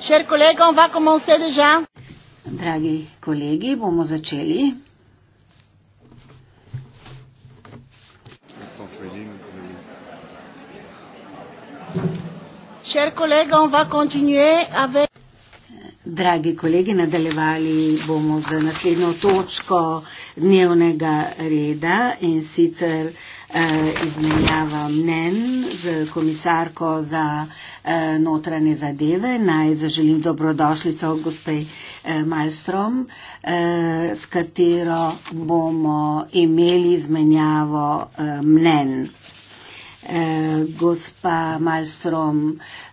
Cher collègue, on va commencer déjà. Dragi kolegi, bomo začeli. Cher collègue, on va continuer avec Dragi kolegi, nadaljevali bomo z naslednjo točko dnevnega reda in sicer eh, izmenjava mnen z komisarko za eh, notranje zadeve. Naj zaželim dobrodošlico gospej eh, Malstrom, eh, s katero bomo imeli izmenjavo eh, mnen. Eh, gospa Malstrom. Eh,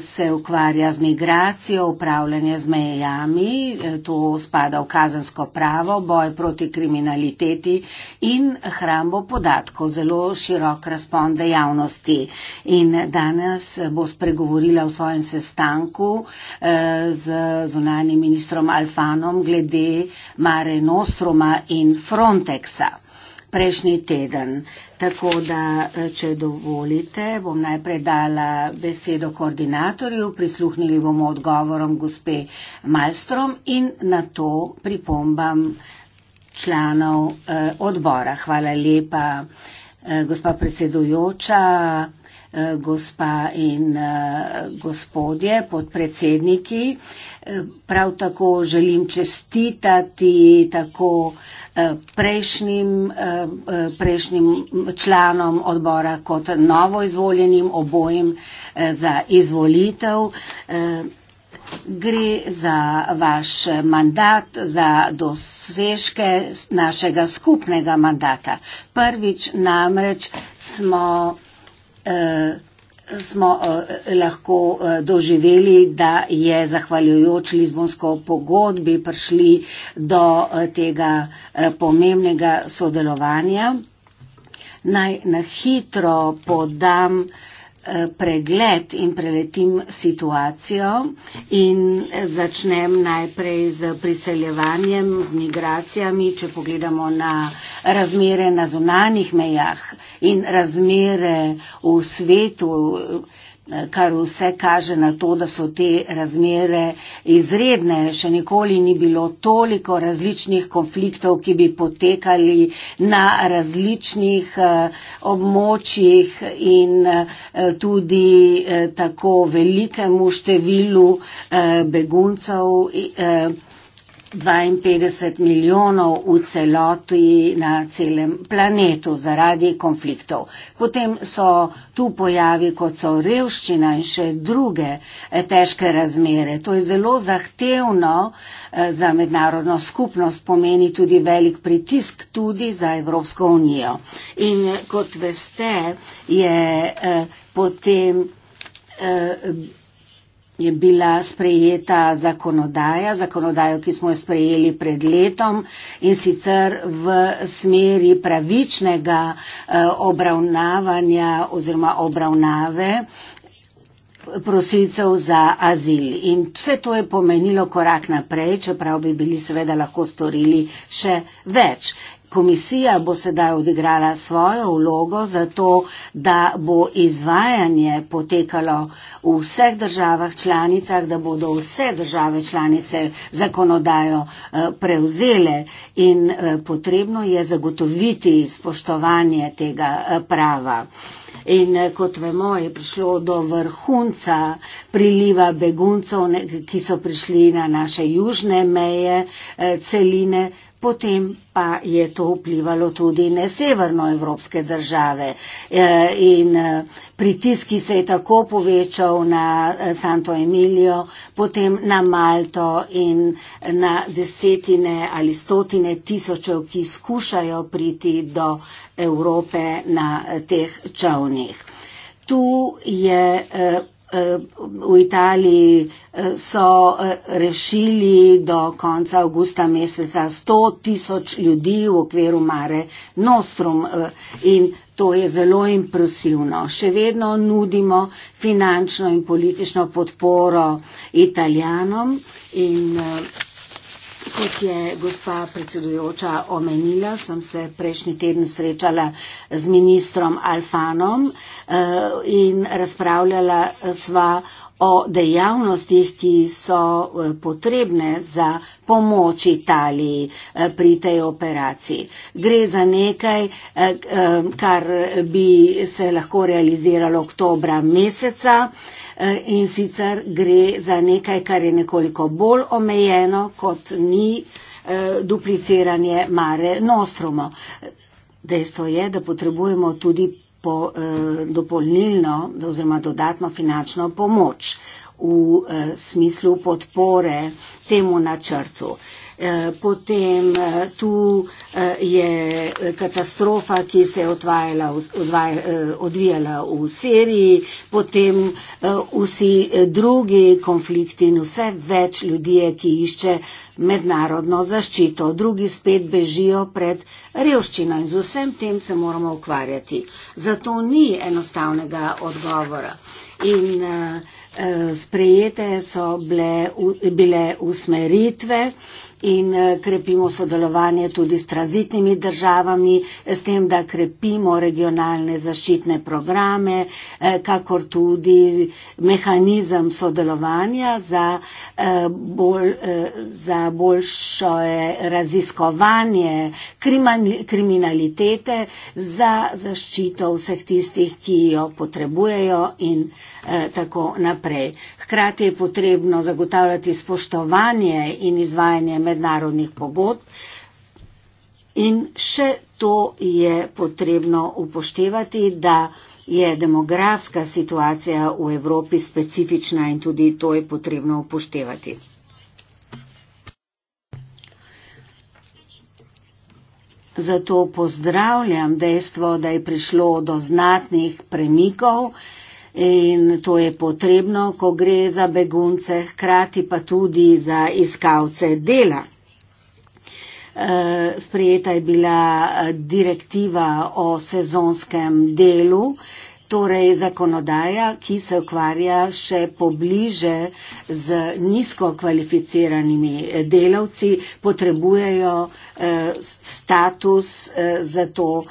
se ukvarja z migracijo, upravljanje z mejami, e, to spada v kazensko pravo, boj proti kriminaliteti in hrambo podatkov, zelo širok razpon dejavnosti. In danes bo spregovorila v svojem sestanku e, z zunanjim ministrom Alfanom glede Mare Nostroma in Frontexa prejšnji teden. Tako da, eh, če dovolite, bom najprej dala besedo koordinatorju, prisluhnili bomo odgovorom gospe Malstrom in na to pripombam članov eh, odbora. Hvala lepa, eh, gospa predsedujoča, eh, gospa in eh, gospodje, podpredsedniki. Eh, prav tako želim čestitati tako eh, prejšnjim, eh, prejšnjim članom odbora kot novo izvoljenim obojim eh, za izvolitev. Eh, gre za vaš mandat, za dosežke našega skupnega mandata. Prvič namreč smo eh, smo eh, lahko eh, doživeli, da je zahvaljujoč Lizbonsko pogodbi prišli do eh, tega pomembnega sodelovanja. Naj na hitro podam Eh, pregled in preletim situacijo in začnem najprej z priseljevanjem, z migracijami, če pogledamo na razmere na zunanjih mejah in razmere v svetu kar vse kaže na to, da so te razmere izredne. Še nikoli ni bilo toliko različnih konfliktov, ki bi potekali na različnih eh, območjih in eh, tudi eh, tako velikemu številu beguncev 52 milijonov v celoti na celem planetu zaradi konfliktov. Potem so tu pojavi, kot so revščina in še druge eh, težke razmere. To je zelo zahtevno eh, za mednarodno skupnost, pomeni tudi velik pritisk tudi za Evropsko unijo. In eh, kot veste, je potem je bila sprejeta zakonodaja, zakonodajo, ki smo jo sprejeli pred letom in sicer v smeri pravičnega eh, obravnavanja oziroma obravnave prosilcev za azil. In vse to je pomenilo korak naprej, čeprav bi bili seveda lahko storili še več komisija bo sedaj odigrala svojo vlogo za to, da bo izvajanje potekalo v vseh državah članicah, da bodo vse države članice zakonodajo eh, prevzele in eh, potrebno je zagotoviti spoštovanje tega eh, prava. In kot vemo, je prišlo do vrhunca priliva beguncev, ki so prišli na naše južne meje celine, potem pa je to vplivalo tudi na severnoevropske države eh, in eh, pritiski se je tako povečal na eh, Santo Emilijo, potem na Malto in na desetine ali stotine tisočev, ki skušajo priti do Evrope na teh čovnih. Tu je v Italiji eh, so eh, rešili do konca avgusta meseca 100 tisoč ljudi v okviru Mare Nostrum eh, in to je zelo impresivno. Še vedno nudimo finančno in politično podporo Italijanom in kot je gospa predsedujoča omenila, sem se prejšnji teden srečala z ministrom Alfanom eh, in razpravljala sva o dejavnostih, ki so eh, potrebne za pomoč Italiji eh, pri tej operaciji. Gre za nekaj, eh, kar bi se lahko realiziralo oktobra meseca in sicer gre za nekaj, kar je nekoliko bolj omejeno, kot ni dupliciranje Mare Nostromo. Dejstvo je, da potrebujemo tudi po, eh, dopolnilno oziroma dodatno finančno pomoč v eh, smislu podpore temu načrtu. Eh, Eh, potem eh, tu eh, je katastrofa, ki se je odvajala, odvijala v Siriji, potem vsi drugi konflikti in vse več ljudi, ki išče mednarodno zaščito. Drugi spet bežijo pred revščino in z vsem tem se moramo ukvarjati. Zato ni enostavnega odgovora. In uh, sprejete so bile, u, bile usmeritve uh, in eh, krepimo sodelovanje tudi s tranzitnimi državami, s tem, da krepimo regionalne zaščitne programe, eh, kakor tudi mehanizem sodelovanja za, eh, bolj, za boljšo raziskovanje kriminalitete za zaščito vseh tistih, ki jo potrebujejo in tako naprej. Hkrati je potrebno zagotavljati spoštovanje in izvajanje med mednarodnih pogodb. In še to je potrebno upoštevati, da je demografska situacija v Evropi specifična in tudi to je potrebno upoštevati. Zato pozdravljam dejstvo, da je prišlo do znatnih premikov in to je potrebno, ko gre za begunce, hkrati pa tudi za iskavce dela. Eh, sprejeta je bila eh, direktiva o sezonskem delu, torej zakonodaja, ki se ukvarja še pobliže z nizko kvalificiranimi eh, delavci, potrebujejo uh, status eh, za to,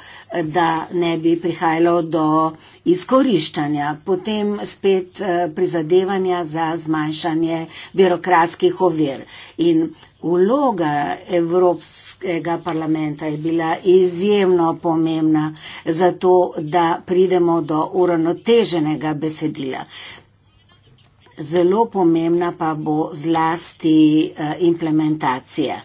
da ne bi prihajalo do izkoriščanja. Potem spet eh, prizadevanja za zmanjšanje birokratskih ovir. In vloga Evropskega parlamenta je bila izjemno pomembna za to, da pridemo do uravnoteženega besedila zelo pomembna pa bo zlasti eh, implementacija.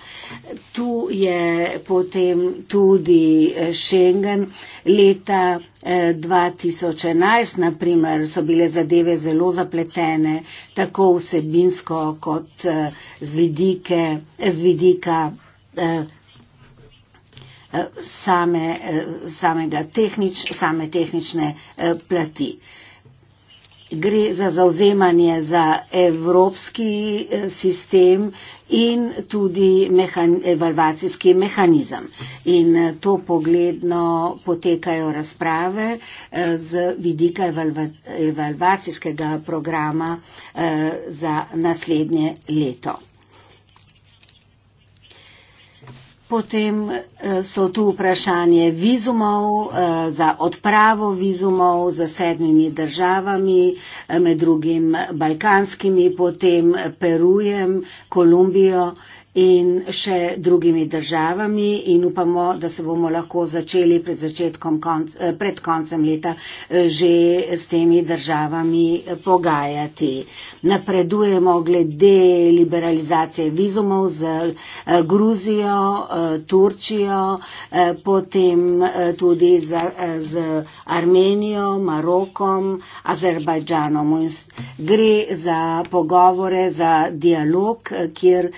Tu je potem tudi eh, Schengen. Leta 2011, eh, naprimer, so bile zadeve zelo zapletene, tako vsebinsko kot z, vidike, z vidika same, samega, tehnič, same tehnične plati gre za zauzemanje za evropski eh, sistem in tudi mehan, evalvacijski mehanizem. In eh, to pogledno potekajo razprave eh, z vidika evalvacijskega programa za naslednje leto. Potem eh, so tu vprašanje vizumov, eh, za odpravo vizumov za sedmimi državami, eh, med drugim balkanskimi, potem Perujem, Kolumbijo in še drugimi državami in upamo, da se bomo lahko začeli pred, začetkom, konc, eh, pred koncem leta eh, že s temi državami eh, pogajati. Napredujemo glede liberalizacije vizumov z Gruzijo, Turčijo, potem tudi z, z Armenijo, Marokom, Azerbajdžanom. Gre za pogovore, za dialog, kjer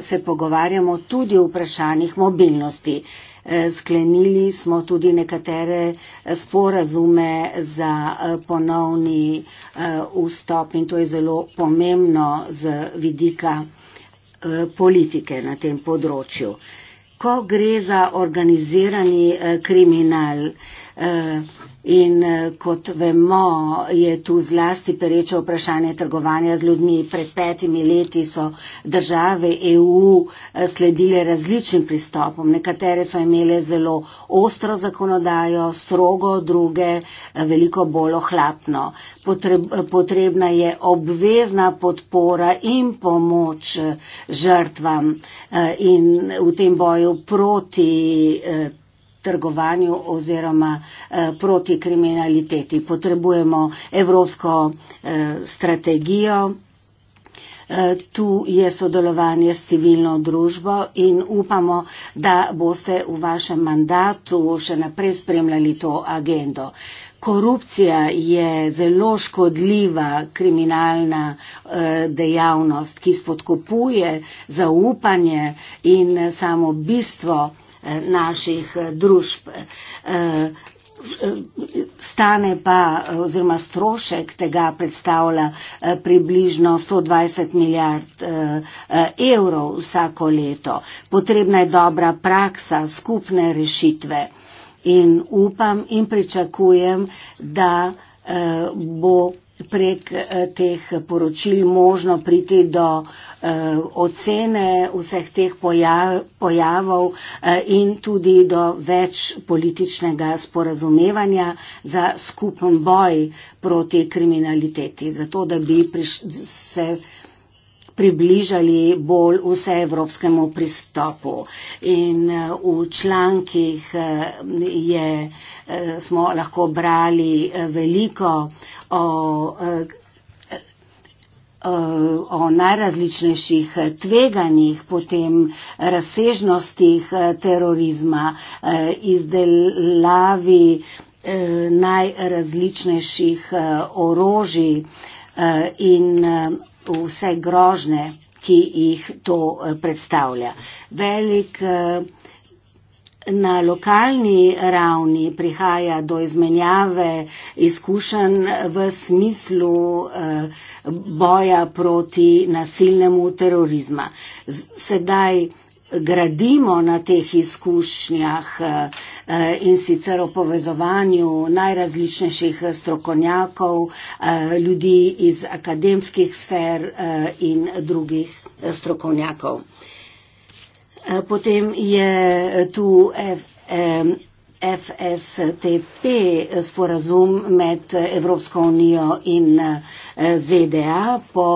se pogovarjamo tudi o vprašanjih mobilnosti. Eh, sklenili smo tudi nekatere eh, sporazume za eh, ponovni vstop in to je zelo pomembno z vidika politike na tem področju. Ko gre za organizirani kriminal, In eh, kot vemo, je tu zlasti pereče vprašanje trgovanja z ljudmi. Pred petimi leti so države EU eh, sledile različnim pristopom. Nekatere so imele zelo ostro zakonodajo, strogo, druge eh, veliko bolj ohlapno. Potrebna je obvezna podpora in pomoč žrtvam in v tem boju proti trgovanju oziroma eh, proti kriminaliteti. Potrebujemo evropsko eh, strategijo. Eh, tu je sodelovanje s civilno družbo in upamo, da boste v vašem mandatu še naprej spremljali to agendo. Korupcija je zelo škodljiva kriminalna dejavnost, ki spodkopuje zaupanje in samo bistvo naših eh, družb. Eh, eh, stane pa oziroma strošek tega predstavlja približno 120 milijard evrov vsako leto. Potrebna je dobra praksa, skupne rešitve in upam in pričakujem, da bo prek eh, teh poročil možno priti do eh, ocene vseh teh pojavov eh, in tudi do več političnega sporazumevanja za skupen boj proti kriminaliteti, zato da bi se približali bolj vseevropskemu pristopu. In eh, v člankih eh, je, eh, smo lahko brali veliko o, o najrazličnejših tveganjih, potem razsežnostih terorizma, izdelavi najrazličnejših orožij in vse grožne, ki jih to eh, predstavlja. Velik eh, na lokalni ravni prihaja do izmenjave izkušenj v smislu eh, boja proti nasilnemu terorizmu. Sedaj gradimo na teh izkušnjah eh, eh, in sicer o povezovanju najrazličnejših strokovnjakov, eh, ljudi iz akademskih sfer in drugih strokovnjakov. Potem je tu FSTP sporazum med Evropsko unijo in eh, ZDA po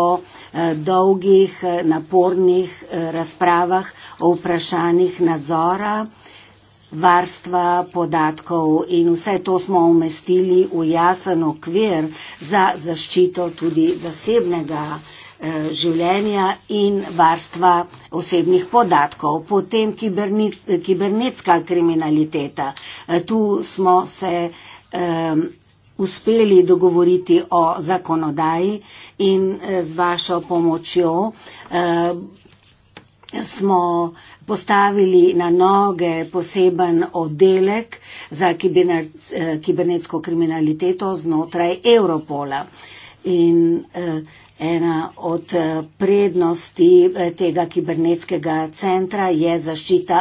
eh, dolgih napornih eh, razpravah o vprašanjih nadzora, varstva podatkov in vse to smo umestili v jasen okvir za zaščito tudi zasebnega Eh, življenja in varstva osebnih podatkov. Potem kibernetska kriminaliteta. Eh, tu smo se uspeli dogovoriti o zakonodaji in eh, z vašo pomočjo smo postavili na noge poseben oddelek za kibernetsko kriminaliteto znotraj Europola. In eh, Ena od eh, prednosti eh, tega kibernetskega centra je zaščita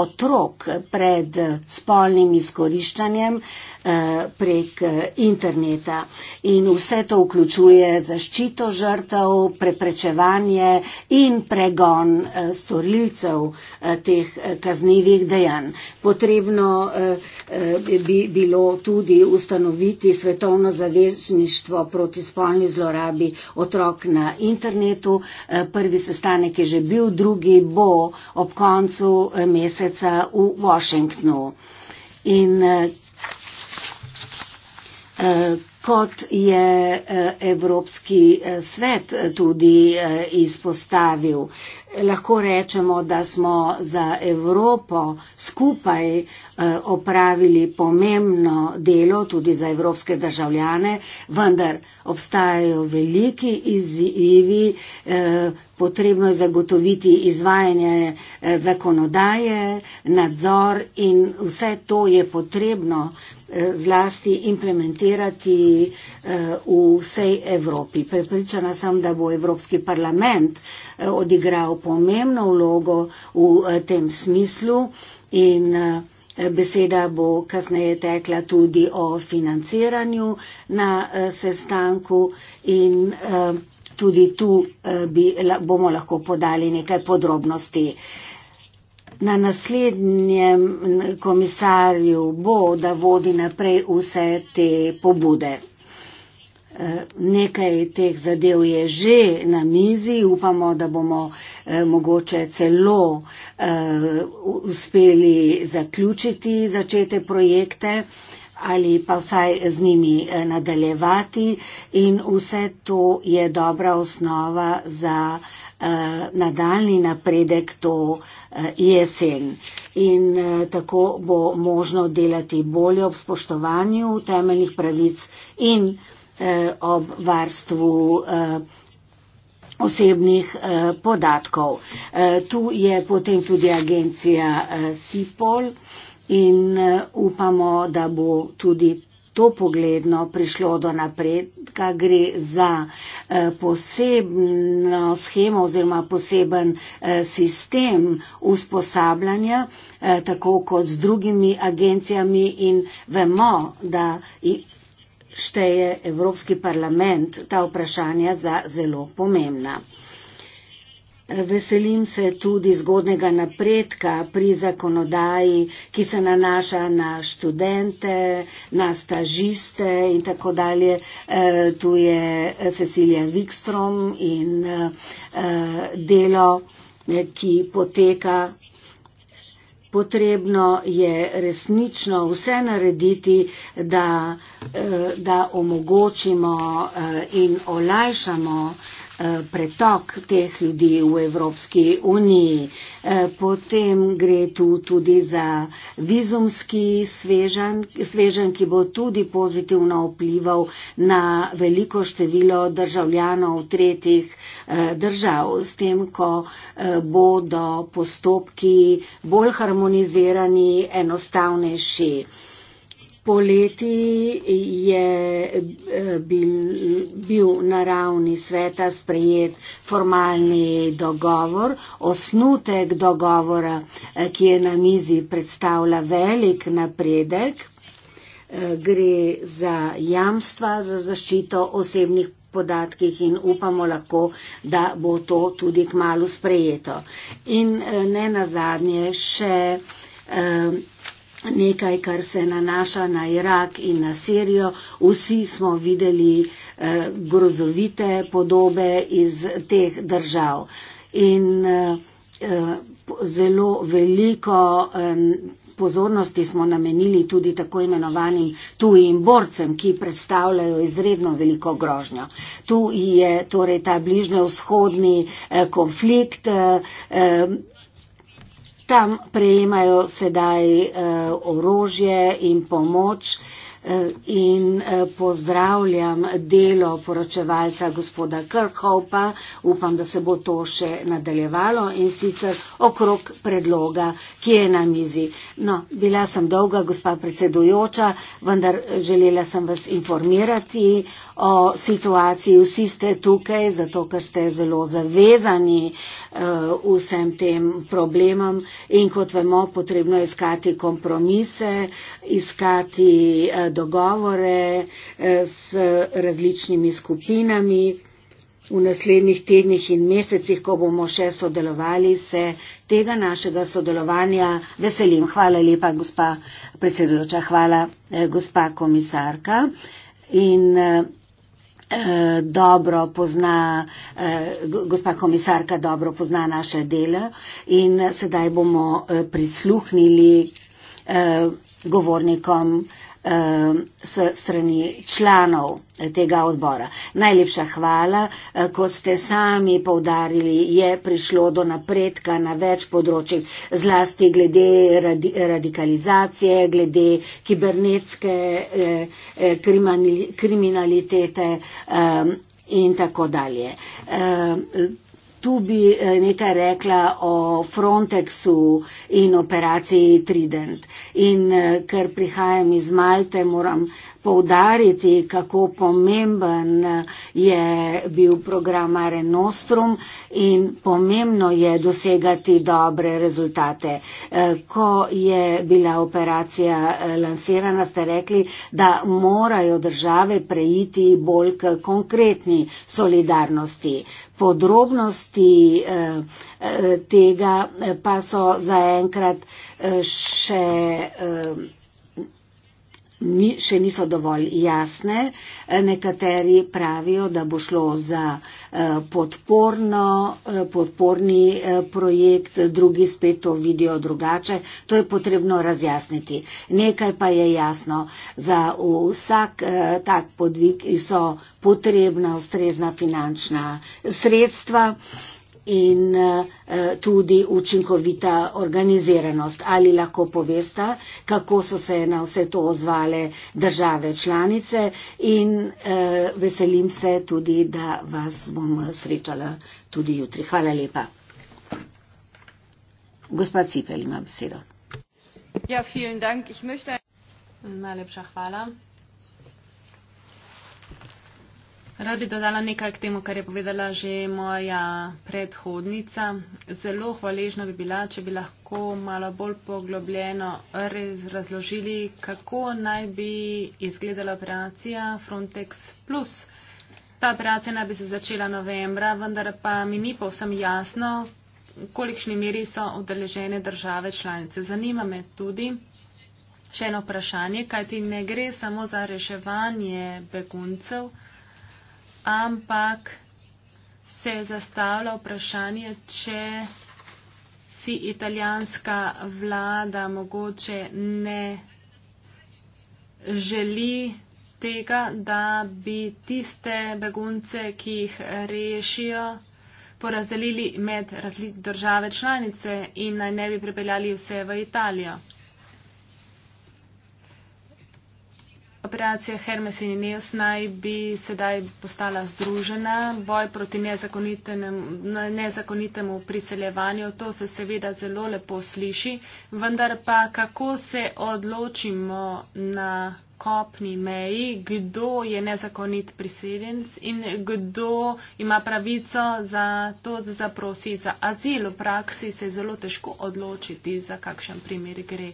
otrok pred eh, spolnim izkoriščanjem, Eh, prek eh, interneta. In vse to vključuje zaščito žrtev, preprečevanje in pregon eh, storilcev teh kaznjivih dejanj. Potrebno bi bilo tudi ustanoviti svetovno zavezništvo proti spolni zlorabi otrok na internetu. Prvi sestanek je že bil, drugi bo ob koncu meseca v Washingtonu. In Uh, kot je eh, Evropski eh, svet eh, tudi izpostavil. Lahko rečemo, da smo za Evropo skupaj opravili pomembno delo, tudi za evropske državljane, vendar obstajajo veliki izzivi, potrebno je zagotoviti izvajanje zakonodaje, nadzor in vse to je potrebno zlasti implementirati v vsej Evropi. Pripričana sem, da bo Evropski parlament eh, odigral pomembno vlogo v eh, tem smislu in eh, beseda bo kasneje tekla tudi o financiranju na sestanku in tudi tu bi, bomo lahko podali nekaj podrobnosti. Na naslednjem komisarju bo, da vodi naprej vse te pobude. Nekaj teh zadev je že na mizi, upamo, da bomo eh, mogoče celo eh, uspeli zaključiti začete projekte ali pa vsaj z njimi eh, nadaljevati in vse to je dobra osnova za nadaljni napredek to jesen. In tako bo možno delati bolje ob spoštovanju temeljnih pravic in. Eh, ob varstvu eh, osebnih eh, podatkov. Tu je potem tudi agencija SIPOL in upamo, da bo tudi to pogledno prišlo do napredka. Gre za posebno schemo oziroma poseben sistem usposabljanja, tako kot z drugimi agencijami in vemo, da šteje Evropski parlament ta vprašanja za zelo pomembna. Veselim se tudi zgodnega napredka pri zakonodaji, ki se nanaša na študente, na stažiste in tako dalje. Eh, tu je Cecilija Wikstrom in eh, eh, delo, ki poteka potrebno je resnično vse narediti, da, eh, da omogočimo eh, in olajšamo Eh, pretok teh ljudi v Evropski uniji. Eh, potem gre tu tudi za vizumski svežan, svežan, ki bo tudi pozitivno vplival na veliko število državljanov tretjih eh, držav. S tem, ko bodo postopki bolj harmonizirani, enostavnejši. Poleti je eh, bil, bil na ravni sveta sprejet formalni dogovor, osnutek dogovora, eh, ki je na mizi predstavlja velik napredek. Eh, gre za jamstva za zaščito osebnih podatkih in upamo lahko, da bo to tudi k malu sprejeto. In ne nazadnje še nekaj, kar se nanaša na Irak in na Sirijo. Vsi smo videli eh, grozovite podobe iz teh držav. In eh, zelo veliko eh, pozornosti smo namenili tudi tako imenovanim tujim borcem, ki predstavljajo izredno veliko grožnjo. Tu je torej ta bližnjo vzhodni eh, konflikt. Eh, tam prejemajo sedaj uh, orožje in pomoč uh, in eh, pozdravljam delo poročevalca gospoda Kirkhopa. Upam, da se bo to še nadaljevalo in sicer okrog predloga, ki je na mizi. No, bila sem dolga, gospa predsedujoča, vendar eh, želela sem vas informirati o situaciji. Vsi ste tukaj, zato ker ste zelo zavezani eh, vsem tem problemom in kot vemo, potrebno je iskati kompromise, iskati dogovore eh, s različnimi skupinami. V naslednjih tednih in mesecih, ko bomo še sodelovali, se tega našega sodelovanja veselim. Hvala lepa, gospa predsedujoča, hvala, eh, gospa komisarka. In eh, eh dobro pozna, eh, gospa komisarka dobro pozna naše delo in sedaj bomo eh, prisluhnili eh, govornikom eh, Um, s strani članov tega odbora. Najlepša hvala, uh, kot ste sami povdarili, je prišlo do napredka na več področjih, zlasti glede radi, radikalizacije, glede kibernetske eh, uh, uh, krimali, kriminalitete eh, in tako dalje. Eh, Tu bi eh, nekaj rekla o Frontexu in operaciji Trident. In eh, ker prihajam iz Malte, moram poudariti, kako pomemben je bil program Arenostrum in pomembno je dosegati dobre rezultate. E, ko je bila operacija e, lansirana, ste rekli, da morajo države preiti bolj k konkretni solidarnosti. Podrobnosti e, tega pa so zaenkrat še ni, še niso dovolj jasne. E, nekateri pravijo, da bo šlo za e, podporno, e, podporni projekt, drugi spet to vidijo drugače. To je potrebno razjasniti. Nekaj pa je jasno. Za vsak tak podvig so potrebna ustrezna finančna sredstva in eh, eh, tudi učinkovita organiziranost. Ali lahko povesta, kako so se na vse to ozvale države članice in eh, veselim se tudi, da vas bom srečala tudi jutri. Hvala lepa. Gospod Cipel ima besedo. Ja, Najlepša hvala. Rad bi dodala nekaj k temu, kar je povedala že moja predhodnica. Zelo hvaležna bi bila, če bi lahko malo bolj poglobljeno razložili, kako naj bi izgledala operacija Frontex Plus. Ta operacija naj bi se začela novembra, vendar pa mi ni povsem jasno, kolikšni meri so udeležene države članice. Zanima me tudi še eno vprašanje, kaj ti ne gre samo za reševanje beguncev, ampak se zastavlja vprašanje, če si italijanska vlada mogoče ne želi tega, da bi tiste begunce, ki jih rešijo, porazdelili med različne države članice in naj ne bi prepeljali vse v Italijo. Operacija Hermes in Neos naj bi sedaj postala združena. Boj proti nezakonitemu priseljevanju, to se seveda zelo lepo sliši, vendar pa kako se odločimo na kopni meji, kdo je nezakonit priseljenc in kdo ima pravico za to, da zaprosi za azil. V praksi se je zelo težko odločiti, za kakšen primer gre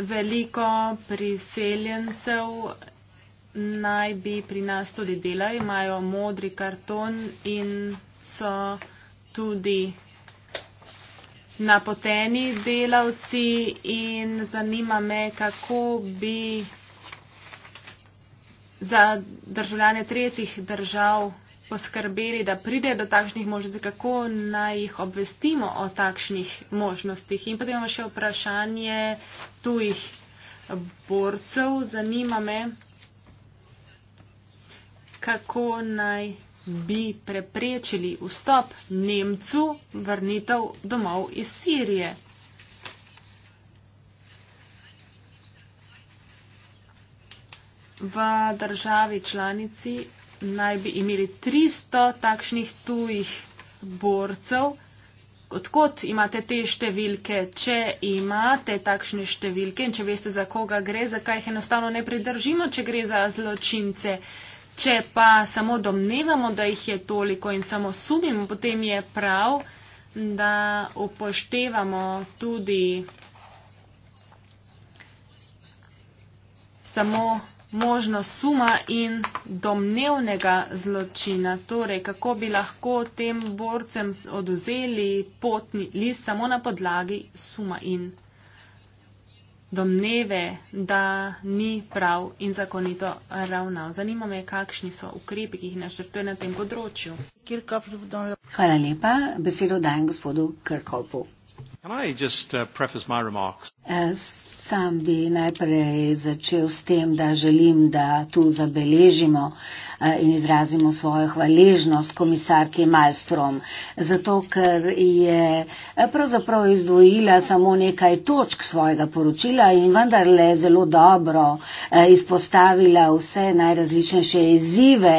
veliko priseljencev naj bi pri nas tudi delali, imajo modri karton in so tudi napoteni delavci in zanima me, kako bi za državljane tretjih držav poskrbeli, da pride do takšnih možnosti, kako naj jih obvestimo o takšnih možnostih. In potem imamo še vprašanje tujih borcev. Zanima me, kako naj bi preprečili vstop Nemcu vrnitev domov iz Sirije. V državi članici naj bi imeli 300 takšnih tujih borcev. Odkot imate te številke, če imate takšne številke in če veste, za koga gre, zakaj jih enostavno ne pridržimo, če gre za zločince. Če pa samo domnevamo, da jih je toliko in samo sumimo, potem je prav, da upoštevamo tudi samo možno suma in domnevnega zločina. Torej, kako bi lahko tem borcem oduzeli potni list samo na podlagi suma in domneve, da ni prav in zakonito ravnal. Zanima me, kakšni so ukrepi, ki jih naštrtuje na tem področju. Hvala lepa. Besedo dajem gospodu Krkopu. Uh, Sam bi najprej začel s tem, da želim, da tu zabeležimo eh, in izrazimo svojo hvaležnost komisarki Malstrom, zato ker je eh, pravzaprav izdvojila samo nekaj točk svojega poročila in vendarle zelo dobro eh, izpostavila vse najrazličnejše izzive,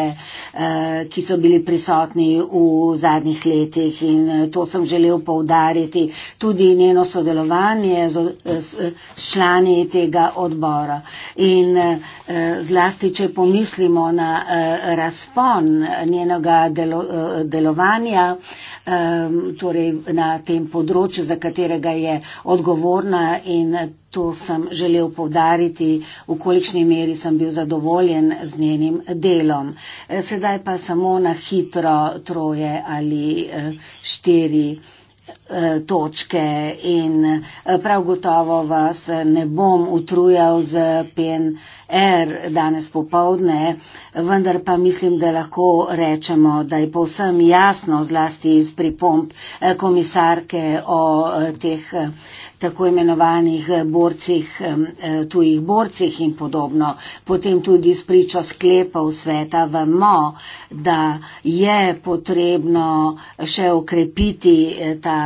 ki so bili prisotni v zadnjih letih in to sem želel poudariti tudi njeno sodelovanje z, z, z, člani tega odbora. In eh, zlasti, če pomislimo na eh, razpon njenega delo, eh, delovanja, torej na tem področju, za katerega je odgovorna in to sem želel povdariti, v kolikšni meri sem bil zadovoljen z njenim delom. Sedaj pa samo na hitro troje ali štiri Eh, točke in eh, prav gotovo vas ne bom utrujal z PNR danes popovdne, vendar pa mislim, da lahko rečemo, da je povsem jasno zlasti iz pripomp eh, komisarke o teh tako imenovanih borcih, tujih borcih in podobno. Potem tudi s pričo sklepov sveta vemo, da je potrebno še okrepiti ta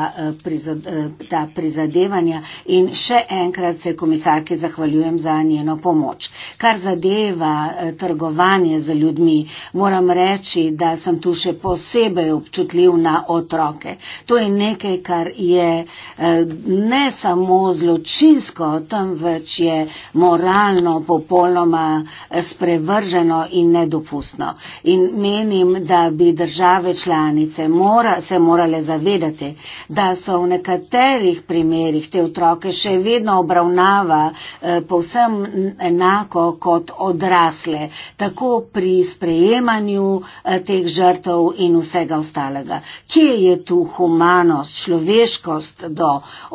ta prizadevanja in še enkrat se komisarki zahvaljujem za njeno pomoč. Kar zadeva eh, trgovanje z ljudmi, moram reči, da sem tu še posebej občutljiv na otroke. To je nekaj, kar je eh, ne samo zločinsko, temveč je moralno popolnoma eh, sprevrženo in nedopustno. In menim, da bi države članice mora, se morale zavedati, da so v nekaterih primerjih te otroke še vedno obravnava eh, povsem enako kot odrasle, tako pri sprejemanju eh, teh žrtev in vsega ostalega. Kje je tu humanost, človeškost do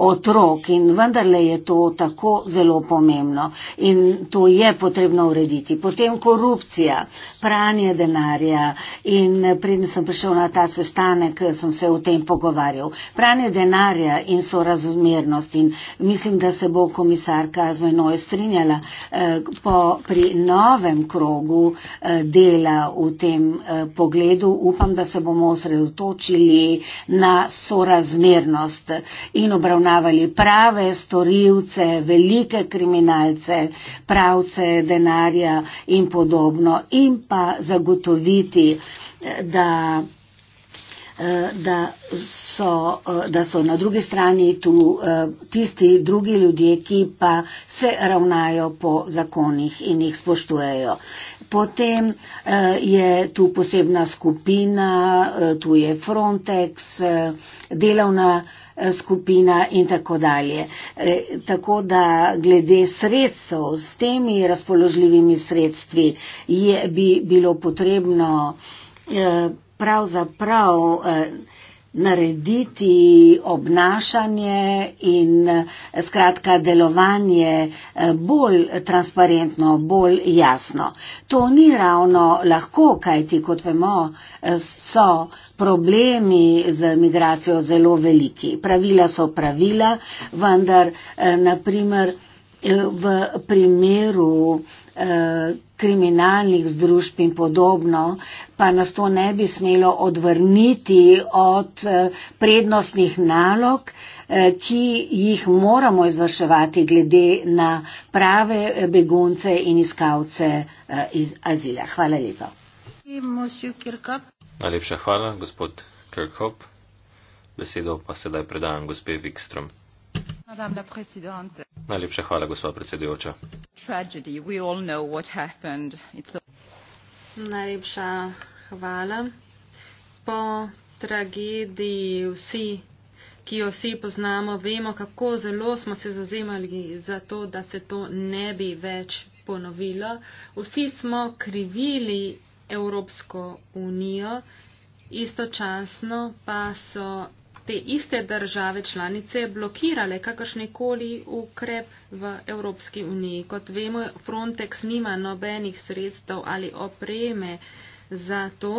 otrok in vendarle je to tako zelo pomembno in to je potrebno urediti. Potem korupcija, pranje denarja in predtem sem prišel na ta sestanek, sem se o tem pogovarjal. Pranje vprašanje denarja in sorazmernost in mislim, da se bo komisarka z menoj strinjala eh, po, pri novem krogu eh, dela v tem eh, pogledu. Upam, da se bomo osredotočili na sorazmernost in obravnavali prave storilce, velike kriminalce, pravce denarja in podobno in pa zagotoviti, da Eh, da so, eh, da so na drugi strani tu eh, tisti drugi ljudje, ki pa se ravnajo po zakonih in jih spoštujejo. Potem je tu posebna skupina, tu je Frontex, delovna skupina in tako dalje. E, tako da glede sredstev s temi razpoložljivimi sredstvi je, bi bilo potrebno e, pravzaprav eh, narediti obnašanje in eh, skratka delovanje eh, bolj transparentno, bolj jasno. To ni ravno lahko, kajti, kot vemo, so problemi z migracijo zelo veliki. Pravila so pravila, vendar, naprimer, v primeru Eh, kriminalnih združb in podobno, pa nas to ne bi smelo odvrniti od eh, prednostnih nalog, eh, ki jih moramo izvrševati glede na prave begunce in iskalce iz azila. Hvala lepa. Najlepša hvala, gospod Kirkhop. Besedo pa sedaj predajam gospe Vikstrom. Madame la Presidente. Najlepša hvala, gospod predsedujoča. Najlepša hvala. Po tragediji, vsi, ki jo vsi poznamo, vemo, kako zelo smo se zazemali za to, da se to ne bi več ponovilo. Vsi smo krivili Evropsko unijo, istočasno pa so te iste države članice blokirale kakršnekoli ukrep v Evropski uniji. Kot vemo, Frontex nima nobenih sredstev ali opreme za to,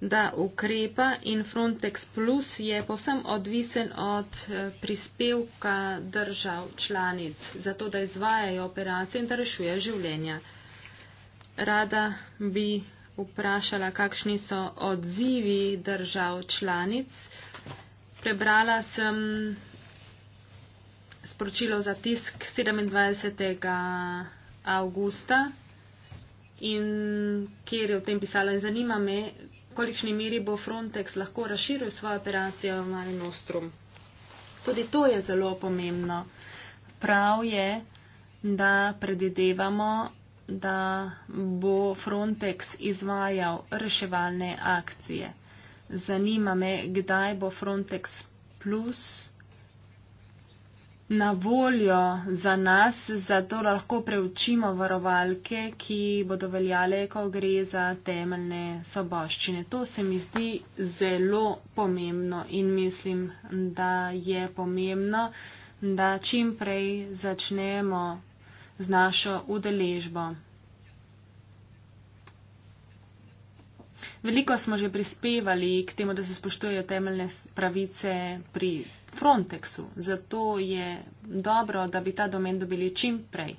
da ukrepa in Frontex Plus je povsem odvisen od eh, prispevka držav članic za to, da izvajajo operacije in da rešuje življenja. Rada bi vprašala, kakšni so odzivi držav članic prebrala sem sporočilo za tisk 27. avgusta in kjer je v tem pisalo in zanima me, kolikšni miri bo Frontex lahko razširil svojo operacijo v Malinostrum. Tudi to je zelo pomembno. Prav je, da predidevamo, da bo Frontex izvajal reševalne akcije zanima me, kdaj bo Frontex Plus na voljo za nas, zato lahko preučimo varovalke, ki bodo veljale, ko gre za temeljne soboščine. To se mi zdi zelo pomembno in mislim, da je pomembno, da čim prej začnemo z našo udeležbo. veliko smo že prispevali k temu, da se spoštujejo temeljne pravice pri Frontexu. Zato je dobro, da bi ta domen dobili čim prej.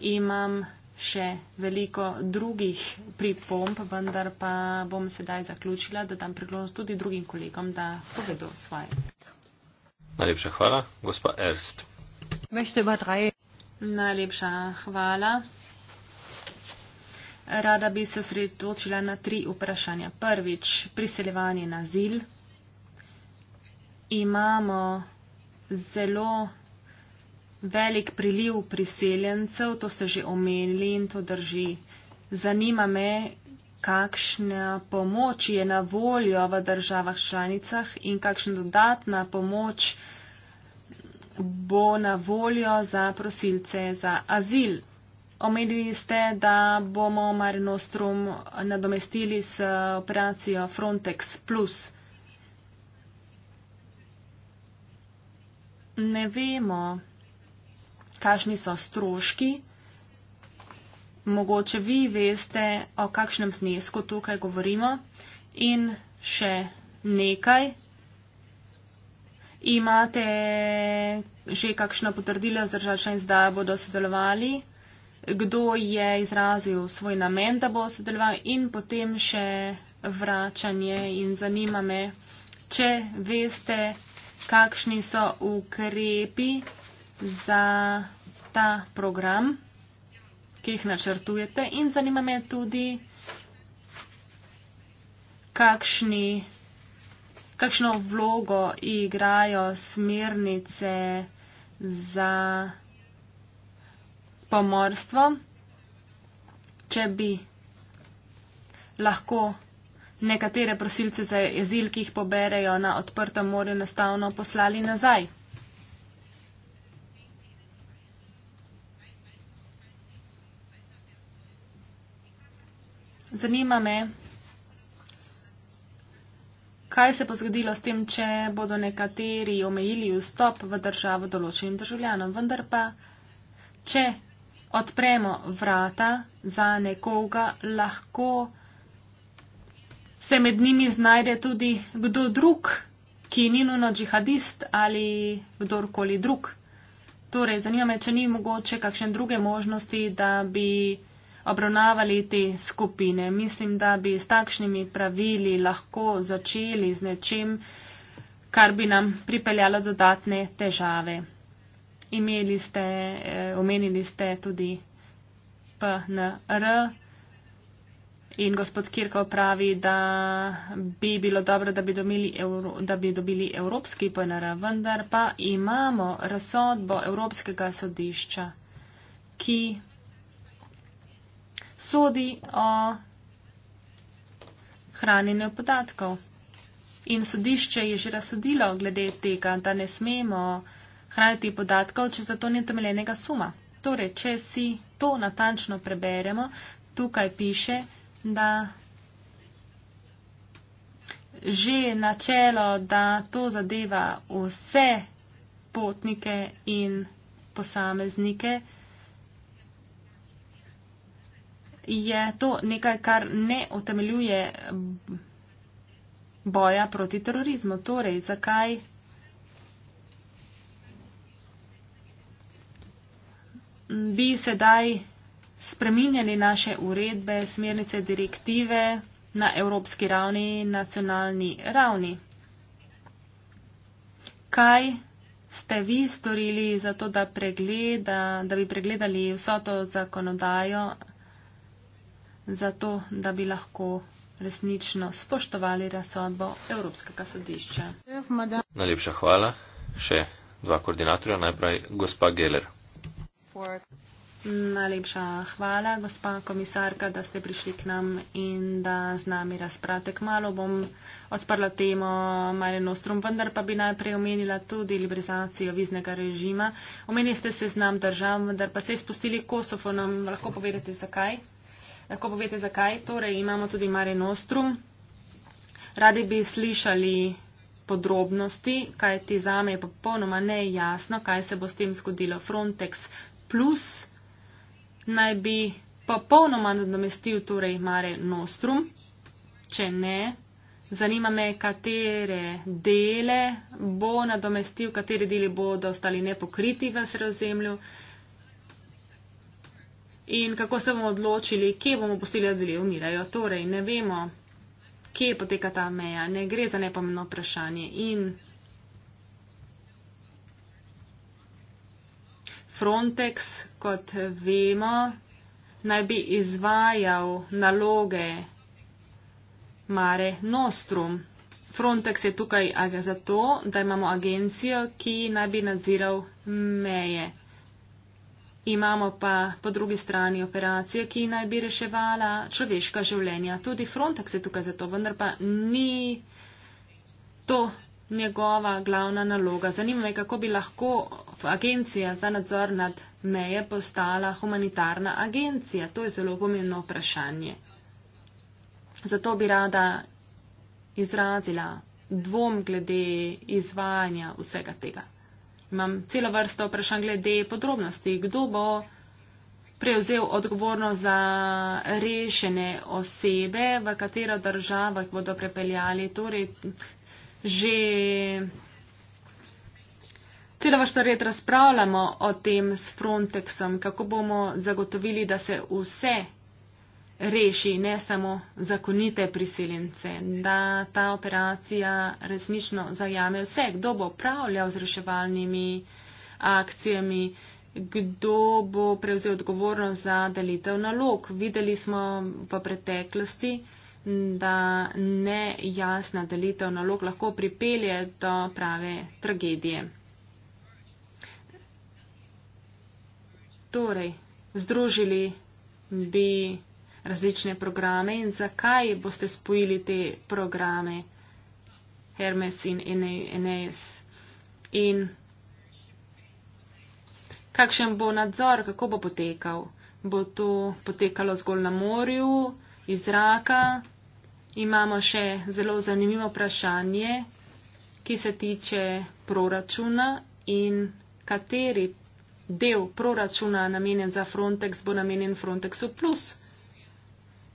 Imam še veliko drugih pripomb, vendar pa bom sedaj zaključila, da dam priložnost tudi drugim kolegom, da povedo svoje. Najlepša hvala, gospa Erst. Najlepša hvala. Rada bi se osredotočila na tri vprašanja. Prvič, priseljevanje na zil. Imamo zelo velik priliv priseljencev, to ste že omenili in to drži. Zanima me, kakšna pomoč je na voljo v državah članicah in kakšna dodatna pomoč bo na voljo za prosilce za azil Omenili ste, da bomo Marinostrum nadomestili s operacijo Frontex Plus. Ne vemo, kakšni so stroški. Mogoče vi veste, o kakšnem znesku tukaj govorimo. In še nekaj. Imate že kakšno potrdilo z državčanj, da bodo sodelovali? kdo je izrazil svoj namen, da bo sodeloval in potem še vračanje in zanima me, če veste, kakšni so ukrepi za ta program, ki jih načrtujete in zanima me tudi, kakšni, kakšno vlogo igrajo smernice za pomorstvo, če bi lahko nekatere prosilce za jezil, ki jih poberejo na odprtem morju, nastavno poslali nazaj. Zanima me, kaj se bo zgodilo s tem, če bodo nekateri omejili vstop v državo določenim državljanom. Vendar pa, če odpremo vrata za nekoga, lahko se med njimi znajde tudi kdo drug, ki ni nujno džihadist ali kdorkoli drug. Torej, zanima me, če ni mogoče kakšne druge možnosti, da bi obravnavali te skupine. Mislim, da bi s takšnimi pravili lahko začeli z nečim, kar bi nam pripeljalo dodatne težave. Imeli ste, eh, omenili ste tudi PNR in gospod Kirkov pravi, da bi bilo dobro, da bi dobili, Evro, da bi dobili evropski PNR, vendar pa imamo razsodbo Evropskega sodišča, ki sodi o hranjenju podatkov. In sodišče je že razsodilo glede tega, da ne smemo hraniti podatkov, če za to ni temeljenega suma. Torej, če si to natančno preberemo, tukaj piše, da že načelo, da to zadeva vse potnike in posameznike, je to nekaj, kar ne utemeljuje boja proti terorizmu. Torej, zakaj bi sedaj spreminjali naše uredbe, smernice, direktive na evropski ravni, nacionalni ravni. Kaj ste vi storili za to, da, pregleda, da bi pregledali vso to zakonodajo, za to, da bi lahko resnično spoštovali razsodbo Evropskega sodišča? Najlepša hvala. Še dva koordinatorja, najprej gospa Geller. Najlepša hvala, gospa komisarka, da ste prišli k nam in da z nami razprate. Kmalo bom odprla temo Marenostrum, vendar pa bi najprej omenila tudi liberizacijo viznega režima. Omenili ste se znam držav, vendar pa ste izpustili Kosovo. Nam lahko povedete zakaj? Lahko povedete zakaj? Torej imamo tudi Marenostrum. Radi bi slišali podrobnosti, kaj ti zame je popolnoma nejasno, kaj se bo s tem zgodilo. Frontex plus naj bi popolnoma nadomestil torej Mare Nostrum. Če ne, zanima me, katere dele bo nadomestil, kateri deli bodo ostali nepokriti v sredozemlju in kako se bomo odločili, kje bomo postili, da deli umirajo. Torej, ne vemo, kje poteka ta meja, ne gre za nepomembno vprašanje in Frontex, kot vemo, naj bi izvajal naloge Mare Nostrum. Frontex je tukaj zato, da imamo agencijo, ki naj bi nadziral meje. Imamo pa po drugi strani operacijo, ki naj bi reševala človeška življenja. Tudi Frontex je tukaj zato, vendar pa ni to njegova glavna naloga. Zanima me, kako bi lahko agencija za nadzor nad meje postala humanitarna agencija? To je zelo pomembno vprašanje. Zato bi rada izrazila dvom glede izvajanja vsega tega. Imam celo vrsto vprašanj glede podrobnosti, kdo bo prevzel odgovornost za rešene osebe, v katero državo jih bodo prepeljali. Torej, že Celo vrsto let razpravljamo o tem s Frontexom, kako bomo zagotovili, da se vse reši, ne samo zakonite priseljence, da ta operacija resnično zajame vse, kdo bo upravljal z reševalnimi akcijami, kdo bo prevzel odgovornost za delitev nalog. Videli smo v preteklosti, da nejasna delitev nalog lahko pripelje do prave tragedije. torej združili bi različne programe in zakaj boste spojili te programe Hermes in Enes in kakšen bo nadzor, kako bo potekal. Bo to potekalo zgolj na morju, iz zraka. Imamo še zelo zanimivo vprašanje, ki se tiče proračuna in kateri del proračuna namenjen za Frontex bo namenjen Frontexu plus.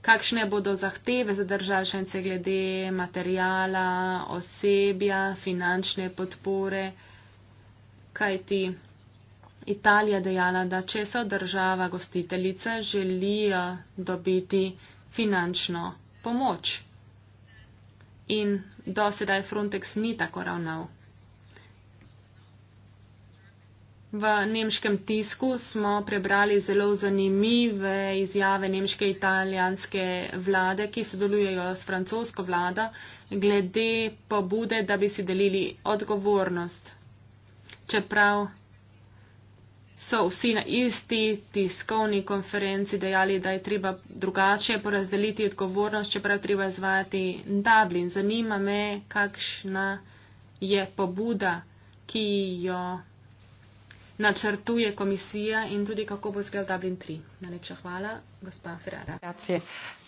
Kakšne bodo zahteve za državšence glede materijala, osebja, finančne podpore, kaj ti Italija dejala, da če so država gostiteljica, želijo dobiti finančno pomoč. In do sedaj Frontex ni tako ravnal. V nemškem tisku smo prebrali zelo zanimive izjave nemške italijanske vlade, ki sodelujejo s francosko vlado, glede pobude, da bi si delili odgovornost. Čeprav so vsi na isti tiskovni konferenci dejali, da je treba drugače porazdeliti odgovornost, čeprav treba izvajati Dublin. Zanima me, kakšna je pobuda, ki jo načrtuje komisija in tudi kako bo izgledal Dublin 3. Najlepša hvala, gospa Ferrara.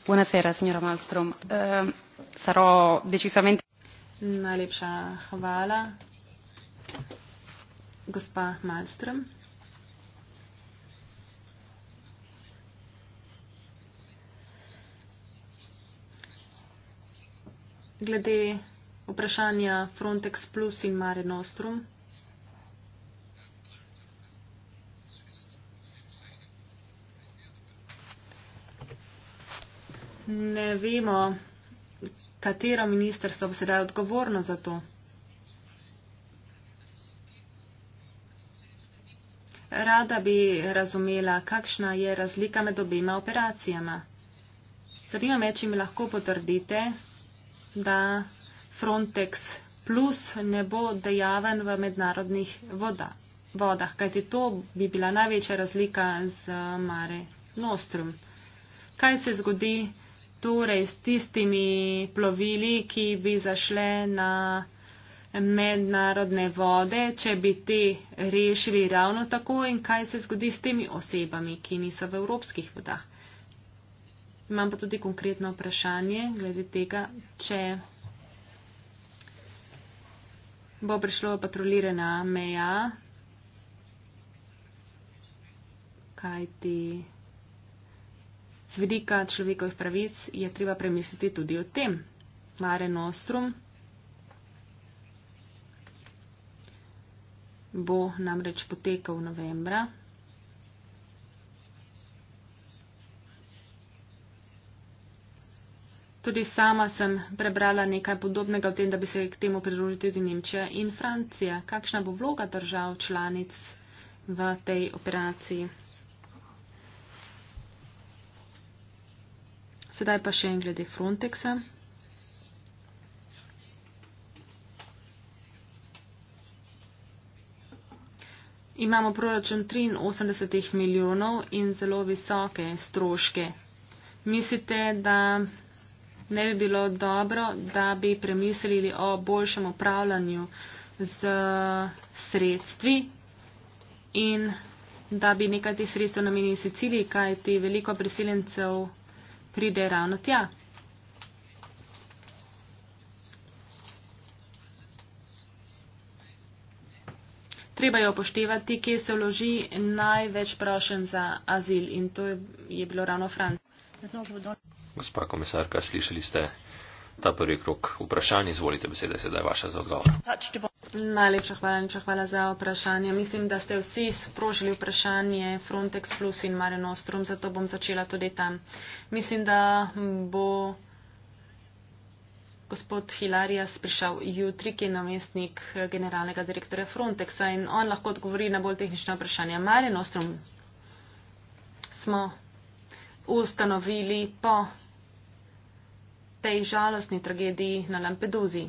Buonasera, signora Malmström. Uh, sarò decisamente. Najlepša hvala, gospa Malmström. Glede vprašanja Frontex Plus in Mare Nostrum. ne vemo, katero ministrstvo bo sedaj odgovorno za to. Rada bi razumela, kakšna je razlika med obema operacijama. Zanima me, če mi lahko potrdite, da Frontex Plus ne bo dejaven v mednarodnih voda, vodah, kajti to bi bila največja razlika z Mare Nostrum. Kaj se zgodi? torej s tistimi plovili, ki bi zašle na mednarodne vode, če bi te rešili ravno tako in kaj se zgodi s temi osebami, ki niso v evropskih vodah. Imam pa tudi konkretno vprašanje glede tega, če bo prišlo patrulirana meja, kaj ti. Tý vidika človekovih pravic je treba premisliti tudi o tem. Mare Nostrum bo namreč potekal novembra. Tudi sama sem prebrala nekaj podobnega o tem, da bi se k temu pridružili tudi Nemčija in Francija. Kakšna bo vloga držav članic v tej operaciji? Sedaj pa še en glede Frontexa. Imamo proračun 83 milijonov in zelo visoke stroške. Mislite, da ne bi bilo dobro, da bi premislili o boljšem upravljanju z sredstvi in da bi nekaj teh sredstev namenili Siciliji, kajti veliko priseljencev pride ravno tja. Treba je upoštevati, kje se vloži največ prošen za azil in to je bilo ravno Franc. Gospa komisarka, slišali ste ta prvi krok vprašanj, izvolite besede, sedaj vaša za odgovor. Najlepša hvala, najlepša hvala za vprašanje. Mislim, da ste vsi sprožili vprašanje Frontex Plus in Mare Nostrum, zato bom začela tudi tam. Mislim, da bo gospod Hilarijas prišel jutri, ki je namestnik generalnega direktorja Frontexa in on lahko odgovori na bolj tehnične vprašanja. Mare Nostrum smo ustanovili po tej žalostni tragediji na Lampeduzi.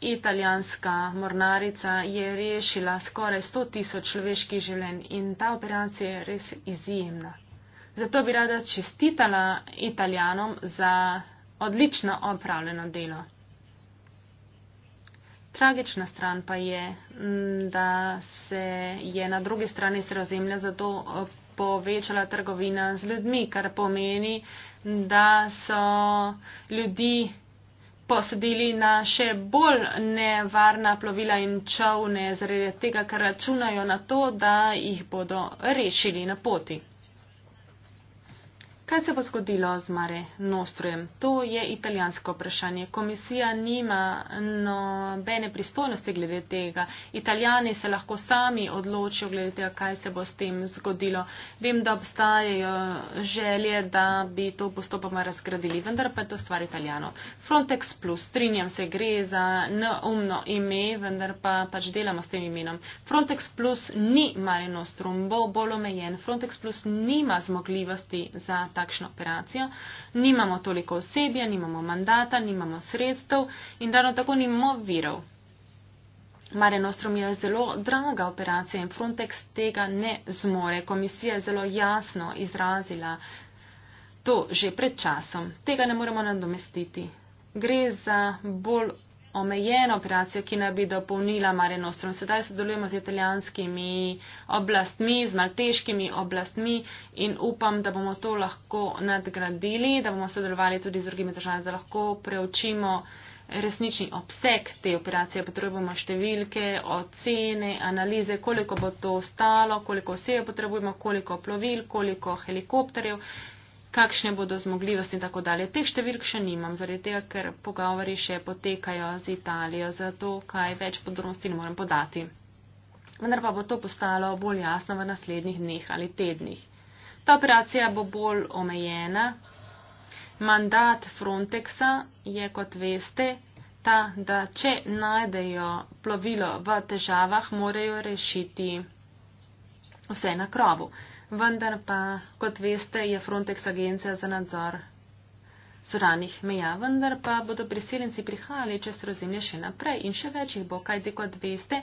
italijanska mornarica je rešila skoraj 100 tisoč človeških življenj in ta operacija je res izjemna. Zato bi rada čestitala italijanom za odlično opravljeno delo. Tragična stran pa je, da se je na druge strani sredozemlja zato eh, povečala trgovina z ljudmi, kar pomeni, da so ljudi posedili na še bolj nevarna plovila in čovne zaradi tega, ker računajo na to, da jih bodo rešili na poti. Kaj se bo zgodilo z Mare Nostrojem? To je italijansko vprašanje. Komisija nima nobene pristojnosti glede tega. Italijani se lahko sami odločijo glede tega, kaj se bo s tem zgodilo. Vem, da obstajajo želje, da bi to postopoma razgradili, vendar pa je to stvar italijano. Frontex Plus, strinjam se, gre za neumno ime, vendar pa pač delamo s tem imenom. Frontex Plus ni Mare Nostrum, bo bolj omejen. Frontex Plus nima zmogljivosti za takšno operacijo. Nimamo toliko osebja, nimamo mandata, nimamo sredstev in ravno tako nimamo virov. Mare Nostrom je zelo draga operacija in Frontex tega ne zmore. Komisija je zelo jasno izrazila to že pred časom. Tega ne moremo nadomestiti. Gre za bolj omejena operacija, ki naj bi dopolnila Mare Nostrum. Sedaj sodelujemo z italijanskimi oblastmi, z malteškimi oblastmi in upam, da bomo to lahko nadgradili, da bomo sodelovali tudi z drugimi državami, da lahko preučimo resnični obseg te operacije. Potrebujemo številke, ocene, analize, koliko bo to stalo, koliko vse potrebujemo, koliko plovil, koliko helikopterjev kakšne bodo zmogljivosti in tako dalje. Teh številk še nimam, zaradi tega, ker pogovori še potekajo z Italijo, zato kaj več podrobnosti ne morem podati. Vendar pa bo to postalo bolj jasno v naslednjih dneh ali tednih. Ta operacija bo bolj omejena. Mandat Frontexa je, kot veste, ta, da če najdejo plovilo v težavah, morejo rešiti vse na krovu vendar pa, kot veste, je Frontex agencija za nadzor sodanih meja, vendar pa bodo priseljenci prihajali čez razimlje še naprej in še več jih bo, kajti, kot veste,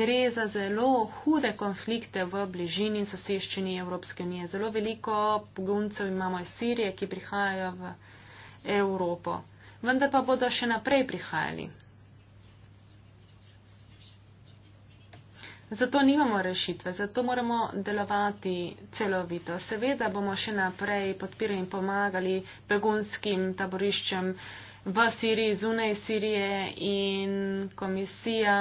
gre za zelo hude konflikte v bližini in soseščini Evropske unije. Zelo veliko poguncev imamo iz Sirije, ki prihajajo v Evropo. Vendar pa bodo še naprej prihajali. Zato nimamo rešitve, zato moramo delovati celovito. Seveda bomo še naprej podpirali in pomagali begunskim taboriščem v Siriji, zunaj Sirije in komisija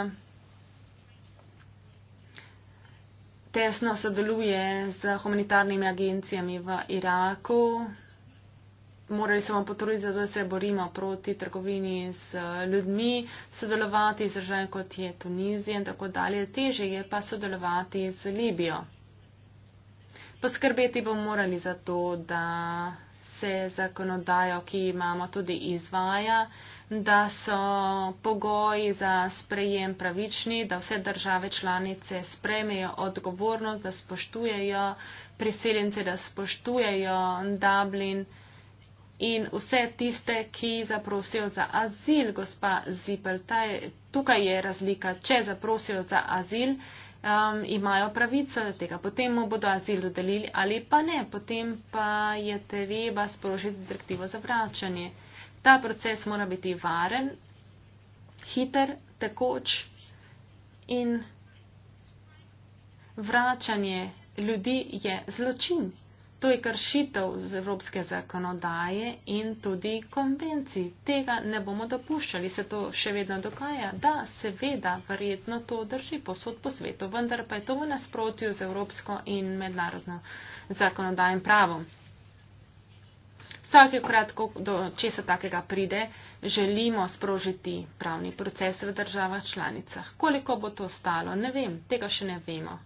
tesno sodeluje z humanitarnimi agencijami v Iraku morali se bomo potruditi, da se borimo proti trgovini z eh, ljudmi, sodelovati z državami kot je Tunizija in tako dalje. Teže je pa sodelovati z Libijo. Poskrbeti bomo morali za to, da se zakonodajo, ki imamo, tudi izvaja, da so pogoji za sprejem pravični, da vse države članice sprejmejo odgovornost, da spoštujejo priseljence, da spoštujejo Dublin in vse tiste, ki zaprosijo za azil, gospa Zipel. Je, tukaj je razlika. Če zaprosijo za azil, um, imajo pravico do tega. Potem mu bodo azil dodelili ali pa ne. Potem pa je treba sprožiti direktivo za vračanje. Ta proces mora biti varen, hiter, tekoč in vračanje ljudi je zločin. To je kršitev z evropske zakonodaje in tudi konvencij. Tega ne bomo dopuščali. Se to še vedno dogaja? Da, seveda, verjetno to drži posod po svetu, vendar pa je to v nasprotju z evropsko in mednarodno zakonodajem pravom. Vsake kratko, do česa takega pride, želimo sprožiti pravni proces v državah članicah. Koliko bo to stalo, ne vem, tega še ne vemo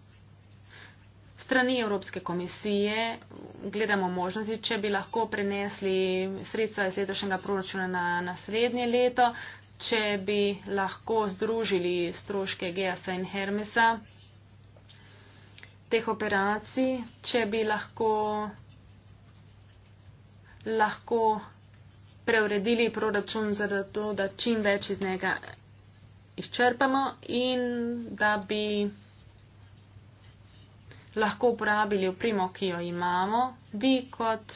strani Evropske komisije gledamo možnosti, če bi lahko prenesli sredstva iz letošnjega proračuna na naslednje leto, če bi lahko združili stroške Geasa in Hermesa teh operacij, če bi lahko, lahko preuredili proračun zato, da čim več iz njega izčrpamo in da bi lahko uporabili opremo, ki jo imamo, bi kot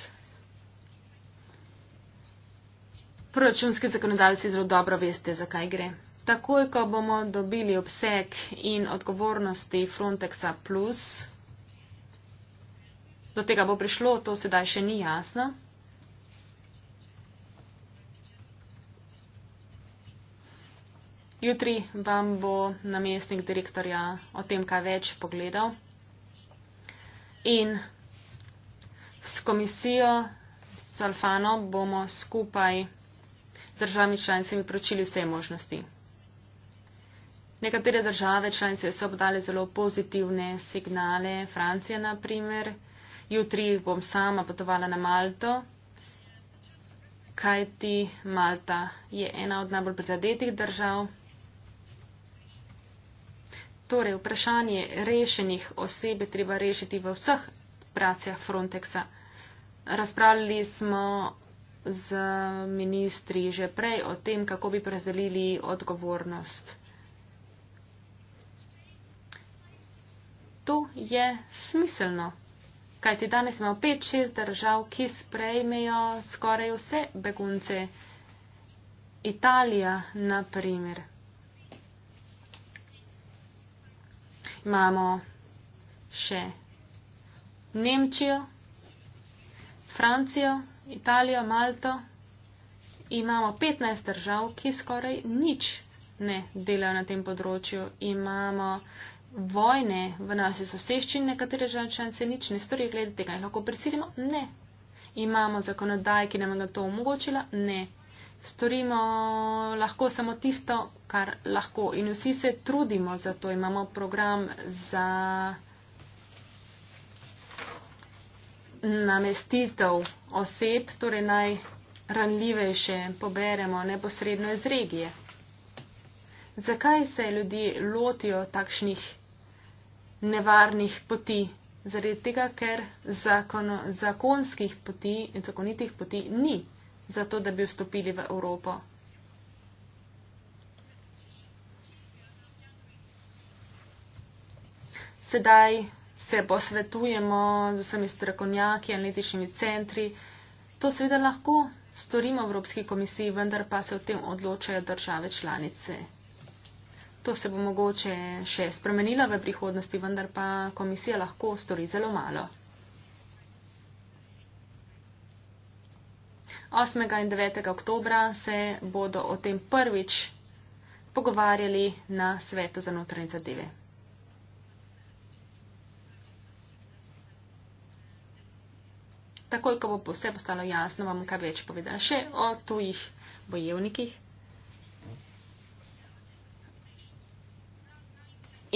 proračunski zakonodajci zelo dobro veste, zakaj gre. Takoj, ko bomo dobili obseg in odgovornosti Frontexa plus, do tega bo prišlo, to sedaj še ni jasno. Jutri vam bo namestnik direktorja o tem kaj več pogledal in s komisijo Solfano bomo skupaj državami članicami pročili vse možnosti. Nekatere države članice so podale zelo pozitivne signale, Francija naprimer, jutri bom sama potovala na Malto, kajti Malta je ena od najbolj prizadetih držav. Torej, vprašanje rešenih oseb je treba rešiti v vseh pracijah Frontexa. Razpravljali smo z ministri že prej o tem, kako bi prezdelili odgovornost. To je smiselno, kajti danes imamo 5-6 držav, ki sprejmejo skoraj vse begunce. Italija, na primer. imamo še Nemčijo, Francijo, Italijo, Malto. Imamo 15 držav, ki skoraj nič ne delajo na tem področju. Imamo vojne v naši soseščini, nekatere žalčance nič ne storijo glede tega. Lahko prisilimo? Ne. Imamo zakonodaj, ki nam je to omogočila? Ne storimo lahko samo tisto, kar lahko. In vsi se trudimo, zato imamo program za namestitev oseb, torej najranljivejše poberemo neposredno iz regije. Zakaj se ljudi lotijo takšnih nevarnih poti? Zaradi tega, ker zakon, zakonskih poti in zakonitih poti ni zato, da bi vstopili v Evropo. Sedaj se posvetujemo z vsemi strokovnjaki, analitičnimi centri. To seveda lahko storimo v Evropski komisiji, vendar pa se v tem odločajo države članice. To se bo mogoče še spremenilo v prihodnosti, vendar pa komisija lahko stori zelo malo. 8. in 9. oktobra se bodo o tem prvič pogovarjali na svetu za notranje zadeve. Takoj, ko bo vse postalo jasno, vam kaj več povedala še o tujih bojevnikih.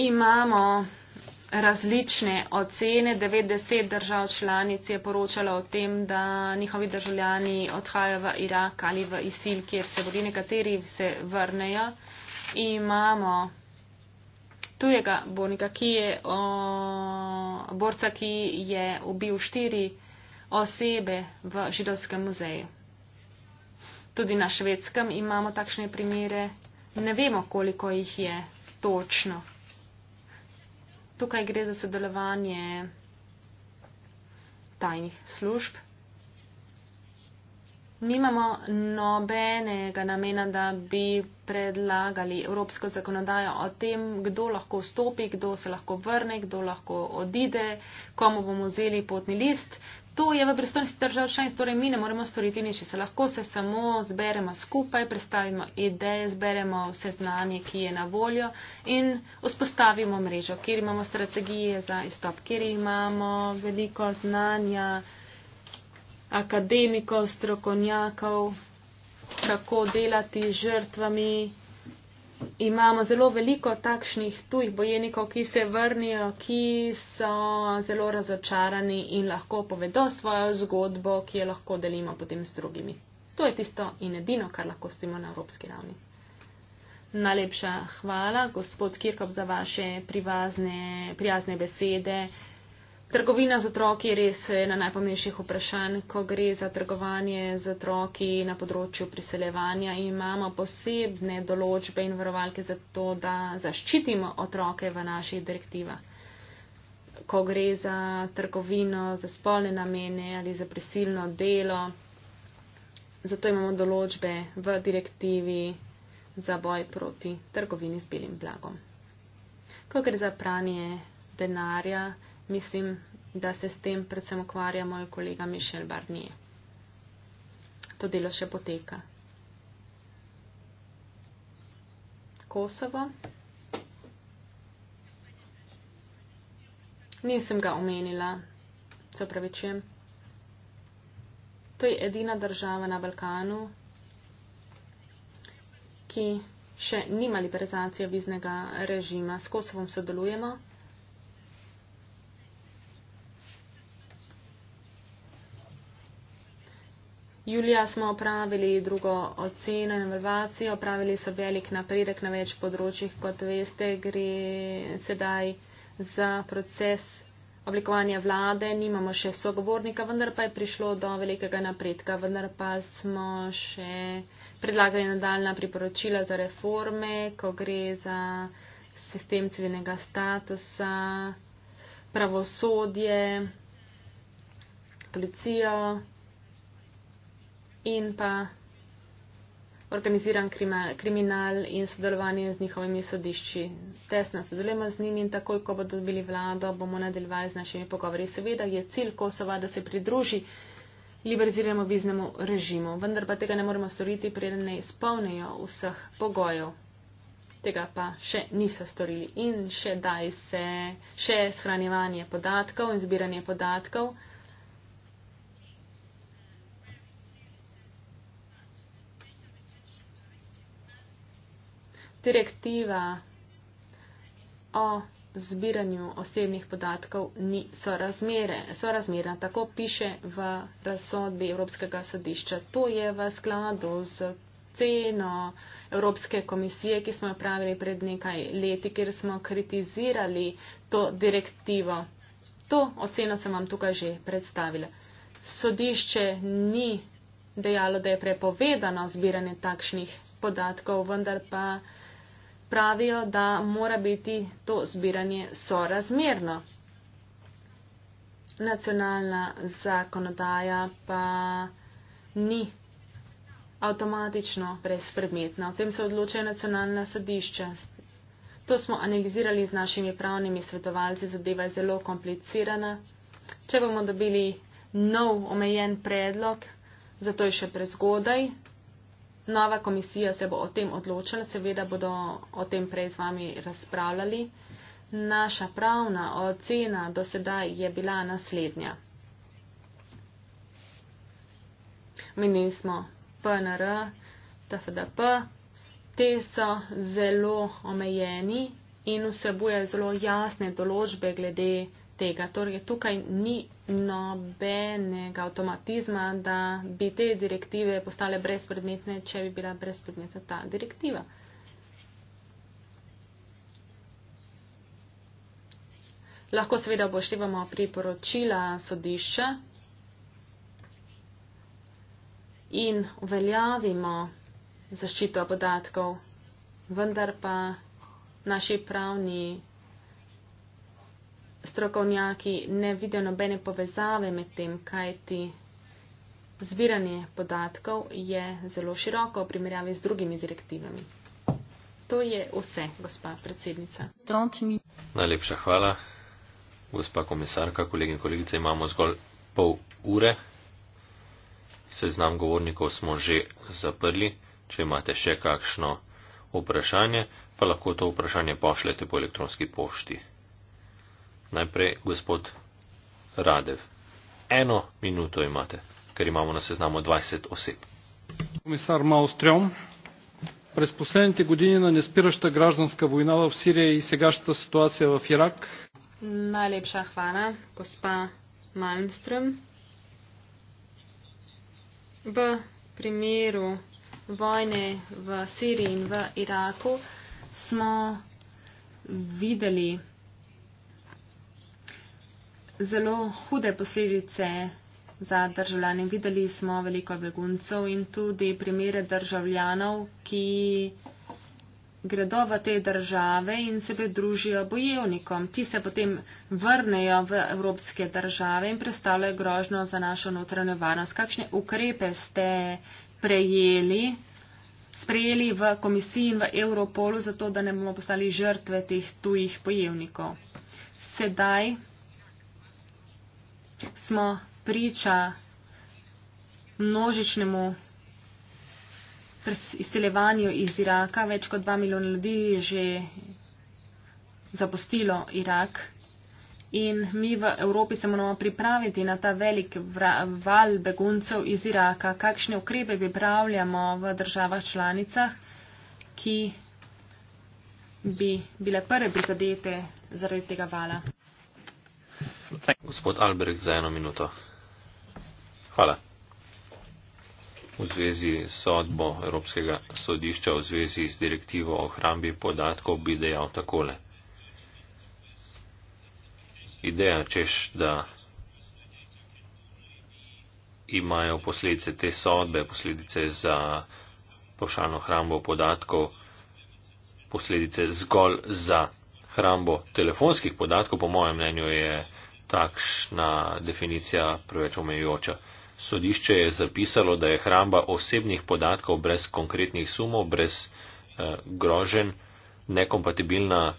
Imamo različne ocene. 90 držav članic je poročalo o tem, da njihovi državljani odhajajo v Irak ali v Isil, kjer se bodi nekateri se vrnejo. Imamo tujega bornika, ki je o, borca, ki je ubil štiri osebe v židovskem muzeju. Tudi na švedskem imamo takšne primere. Ne vemo, koliko jih je točno tukaj gre za sodelovanje tajnih služb. Nimamo nobenega namena, da bi predlagali evropsko zakonodajo o tem, kdo lahko vstopi, kdo se lahko vrne, kdo lahko odide, komu bomo vzeli potni list, To je v pristojnosti držav članic, torej mi ne moremo storiti nič. Se lahko se samo zberemo skupaj, predstavimo ideje, zberemo vse znanje, ki je na voljo in vzpostavimo mrežo, kjer imamo strategije za izstop, kjer imamo veliko znanja akademikov, strokovnjakov, kako delati z žrtvami, imamo zelo veliko takšnih tujih bojenikov, ki se vrnijo, ki so zelo razočarani in lahko povedo svojo zgodbo, ki jo lahko delimo potem s drugimi. To je tisto in edino, kar lahko stimo na evropski ravni. Najlepša hvala, gospod Kirkov, za vaše privazne, prijazne besede. Trgovina z otroki res je na najpomembnejših vprašanj, ko gre za trgovanje z otroki na področju priseljevanja. Imamo posebne določbe in varovalke za to, da zaščitimo otroke v naših direktivah. Ko gre za trgovino za spolne namene ali za prisilno delo, zato imamo določbe v direktivi za boj proti trgovini z belim blagom. Ko gre za pranje denarja, mislim, da se s tem predvsem ukvarja moj kolega Mišel Barnier. To delo še poteka. Kosovo. Nisem ga omenila, se upravičujem. To je edina država na Balkanu, ki še nima liberalizacije viznega režima. S Kosovom sodelujemo. Julija smo opravili drugo oceno in evalvacijo, opravili so velik napredek na več področjih, kot veste, gre sedaj za proces oblikovanja vlade, nimamo še sogovornika, vendar pa je prišlo do velikega napredka, vendar pa smo še predlagali nadaljna priporočila za reforme, ko gre za sistem civilnega statusa, pravosodje, policijo in pa organiziran krima, kriminal in sodelovanje z njihovimi sodišči. Tesno sodelujemo z njimi in takoj, ko bodo dobili vlado, bomo nadaljevali z našimi pogovori. Seveda je cilj Kosova, da se pridruži liberaliziranemu viznemu režimu, vendar pa tega ne moremo storiti, preden ne izpolnijo vseh pogojev. Tega pa še niso storili. In še daj se, še shranjevanje podatkov in zbiranje podatkov. direktiva o zbiranju osebnih podatkov ni sorazmere. sorazmerna. Tako piše v razsodbi Evropskega sodišča. To je v skladu z ceno Evropske komisije, ki smo jo pravili pred nekaj leti, kjer smo kritizirali to direktivo. To oceno sem vam tukaj že predstavila. Sodišče ni dejalo, da je prepovedano zbiranje takšnih podatkov, vendar pa pravijo, da mora biti to zbiranje sorazmerno. Nacionalna zakonodaja pa ni avtomatično brezpredmetna. O tem se odločajo nacionalna sodišča. To smo analizirali z našimi pravnimi svetovalci, zadeva je zelo komplicirana. Če bomo dobili nov omejen predlog, zato je še prezgodaj, Nova komisija se bo o tem odločila, seveda bodo o tem prej z vami razpravljali. Naša pravna ocena do sedaj je bila naslednja. Menili smo PNR, TFDP, te so zelo omejeni in vsebuje zelo jasne določbe glede tega. Torej, tukaj ni nobenega avtomatizma, da bi te direktive postale brezpredmetne, če bi bila brezpredmetna ta direktiva. Lahko seveda poštevamo priporočila sodišča in uveljavimo zaščito podatkov, vendar pa naši pravni strokovnjaki ne vidijo nobene povezave med tem, kaj ti zbiranje podatkov je zelo široko v primerjavi z drugimi direktivami. To je vse, gospa predsednica. Najlepša hvala, gospa komisarka, kolegi in kolegice, imamo zgolj pol ure. Seznam govornikov smo že zaprli. Če imate še kakšno vprašanje, pa lahko to vprašanje pošljete po elektronski pošti. Najprej gospod Radev. Eno minuto imate, ker imamo na seznamu 20 oseb. Komisar Maustrom, през последните години на неспираща гражданска война в Сирия и сегашната ситуация в Ирак. Най-лепша хвана, госпа Малмстрем. В примеру войне в Сирия и в Ираку сме видели zelo hude posledice za državljane. Videli smo veliko beguncev in tudi primere državljanov, ki gredo v te države in se pridružijo bojevnikom. Ti se potem vrnejo v evropske države in predstavljajo grožno za našo notranjo varnost. Kakšne ukrepe ste prejeli, sprejeli v komisiji in v Evropolu, zato da ne bomo postali žrtve teh tujih bojevnikov? Sedaj smo priča množičnemu izseljevanju iz Iraka. Več kot dva milijona ljudi je že zapustilo Irak. In mi v Evropi se moramo pripraviti na ta velik val beguncev iz Iraka. Kakšne ukrepe pripravljamo v državah članicah, ki bi bile prve prizadete zaradi tega vala? Gospod Albrecht za eno minuto. Hvala. V zvezi s sodbo Evropskega sodišča v zvezi z direktivo o hrambi podatkov bi dejal takole. Ideja, češ, da imajo posledice te sodbe, posledice za pošalno hrambo podatkov, posledice zgolj za hrambo telefonskih podatkov, po mojem mnenju je takšna definicija preveč omejujoča. Sodišče je zapisalo, da je hramba osebnih podatkov brez konkretnih sumov, brez eh, grožen, nekompatibilna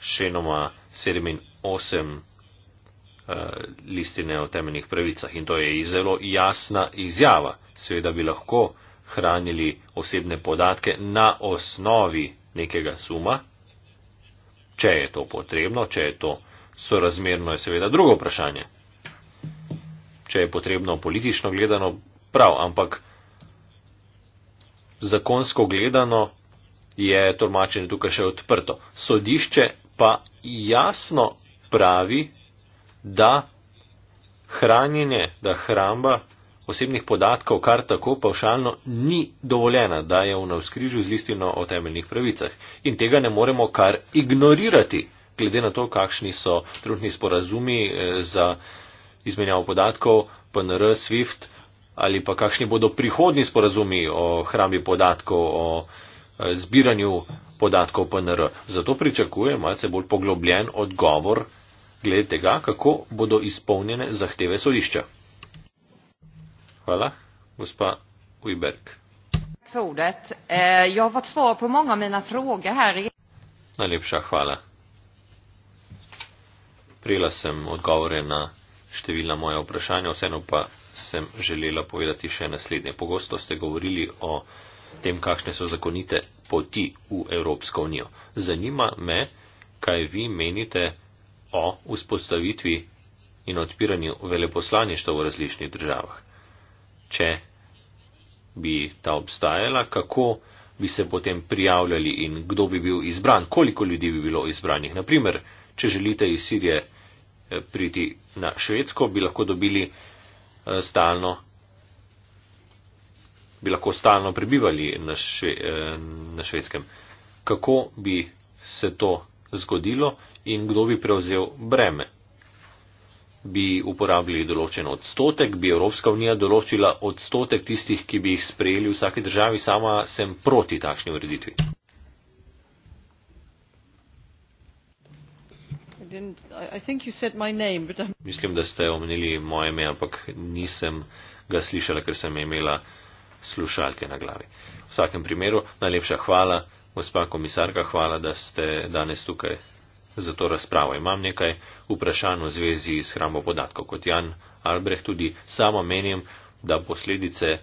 šenoma 78 eh, listine o temeljnih pravicah. In to je zelo jasna izjava. Seveda bi lahko hranili osebne podatke na osnovi nekega suma, če je to potrebno, če je to sorazmerno je seveda drugo vprašanje. Če je potrebno politično gledano, prav, ampak zakonsko gledano je tolmačenje tukaj še odprto. Sodišče pa jasno pravi, da hranjenje, da hramba osebnih podatkov kar tako pavšalno ni dovoljena, da je v navskrižju z listino o temeljnih pravicah. In tega ne moremo kar ignorirati glede na to, kakšni so trenutni sporazumi eh, za izmenjavo podatkov, PNR, SWIFT ali pa kakšni bodo prihodni sporazumi o hrambi podatkov, o eh, zbiranju podatkov PNR. Zato pričakujem malce bolj poglobljen odgovor glede tega, kako bodo izpolnjene zahteve sodišča. Hvala, gospa Ujberg. Eh, Najlepša hvala aprila sem odgovore na številna moja vprašanja, vseeno pa sem želela povedati še naslednje. Pogosto ste govorili o tem, kakšne so zakonite poti v Evropsko unijo. Zanima me, kaj vi menite o vzpostavitvi in odpiranju veleposlaništva v različnih državah. Če bi ta obstajala, kako bi se potem prijavljali in kdo bi bil izbran, koliko ljudi bi bilo izbranih. Naprimer, če želite iz Sirije Eh, priti na Švedsko, bi lahko dobili eh, stalno, bi lahko stalno prebivali na, še, eh, na Švedskem. Kako bi se to zgodilo in kdo bi prevzel breme? Bi uporabili določen odstotek, bi Evropska unija določila odstotek tistih, ki bi jih sprejeli v vsaki državi, sama sem proti takšni ureditvi. Mislim, da ste omenili moje ime, ampak nisem ga slišala, ker sem imela slušalke na glavi. V vsakem primeru, najlepša hvala, gospa komisarka, hvala, da ste danes tukaj za to razpravo. Imam nekaj vprašanj v zvezi s hrambo podatkov. Kot Jan Albreh tudi sama menim, da posledice eh,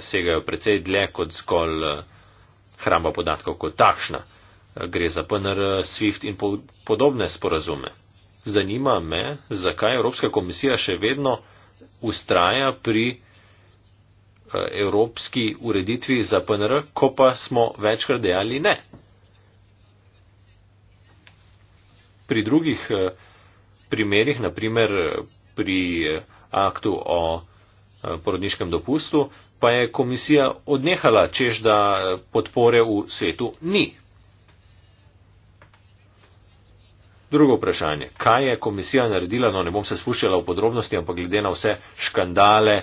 segajo precej dlje kot zgolj eh, hrambo podatkov kot takšna gre za PNR, SWIFT in podobne sporazume. Zanima me, zakaj Evropska komisija še vedno ustraja pri eh, evropski ureditvi za PNR, ko pa smo večkrat dejali ne. Pri drugih eh, primerih, naprimer eh, pri aktu o porodniškem dopustu, pa je komisija odnehala, čež da podpore v svetu ni. Drugo vprašanje. Kaj je komisija naredila? No, ne bom se spuščala v podrobnosti, ampak glede na vse škandale eh,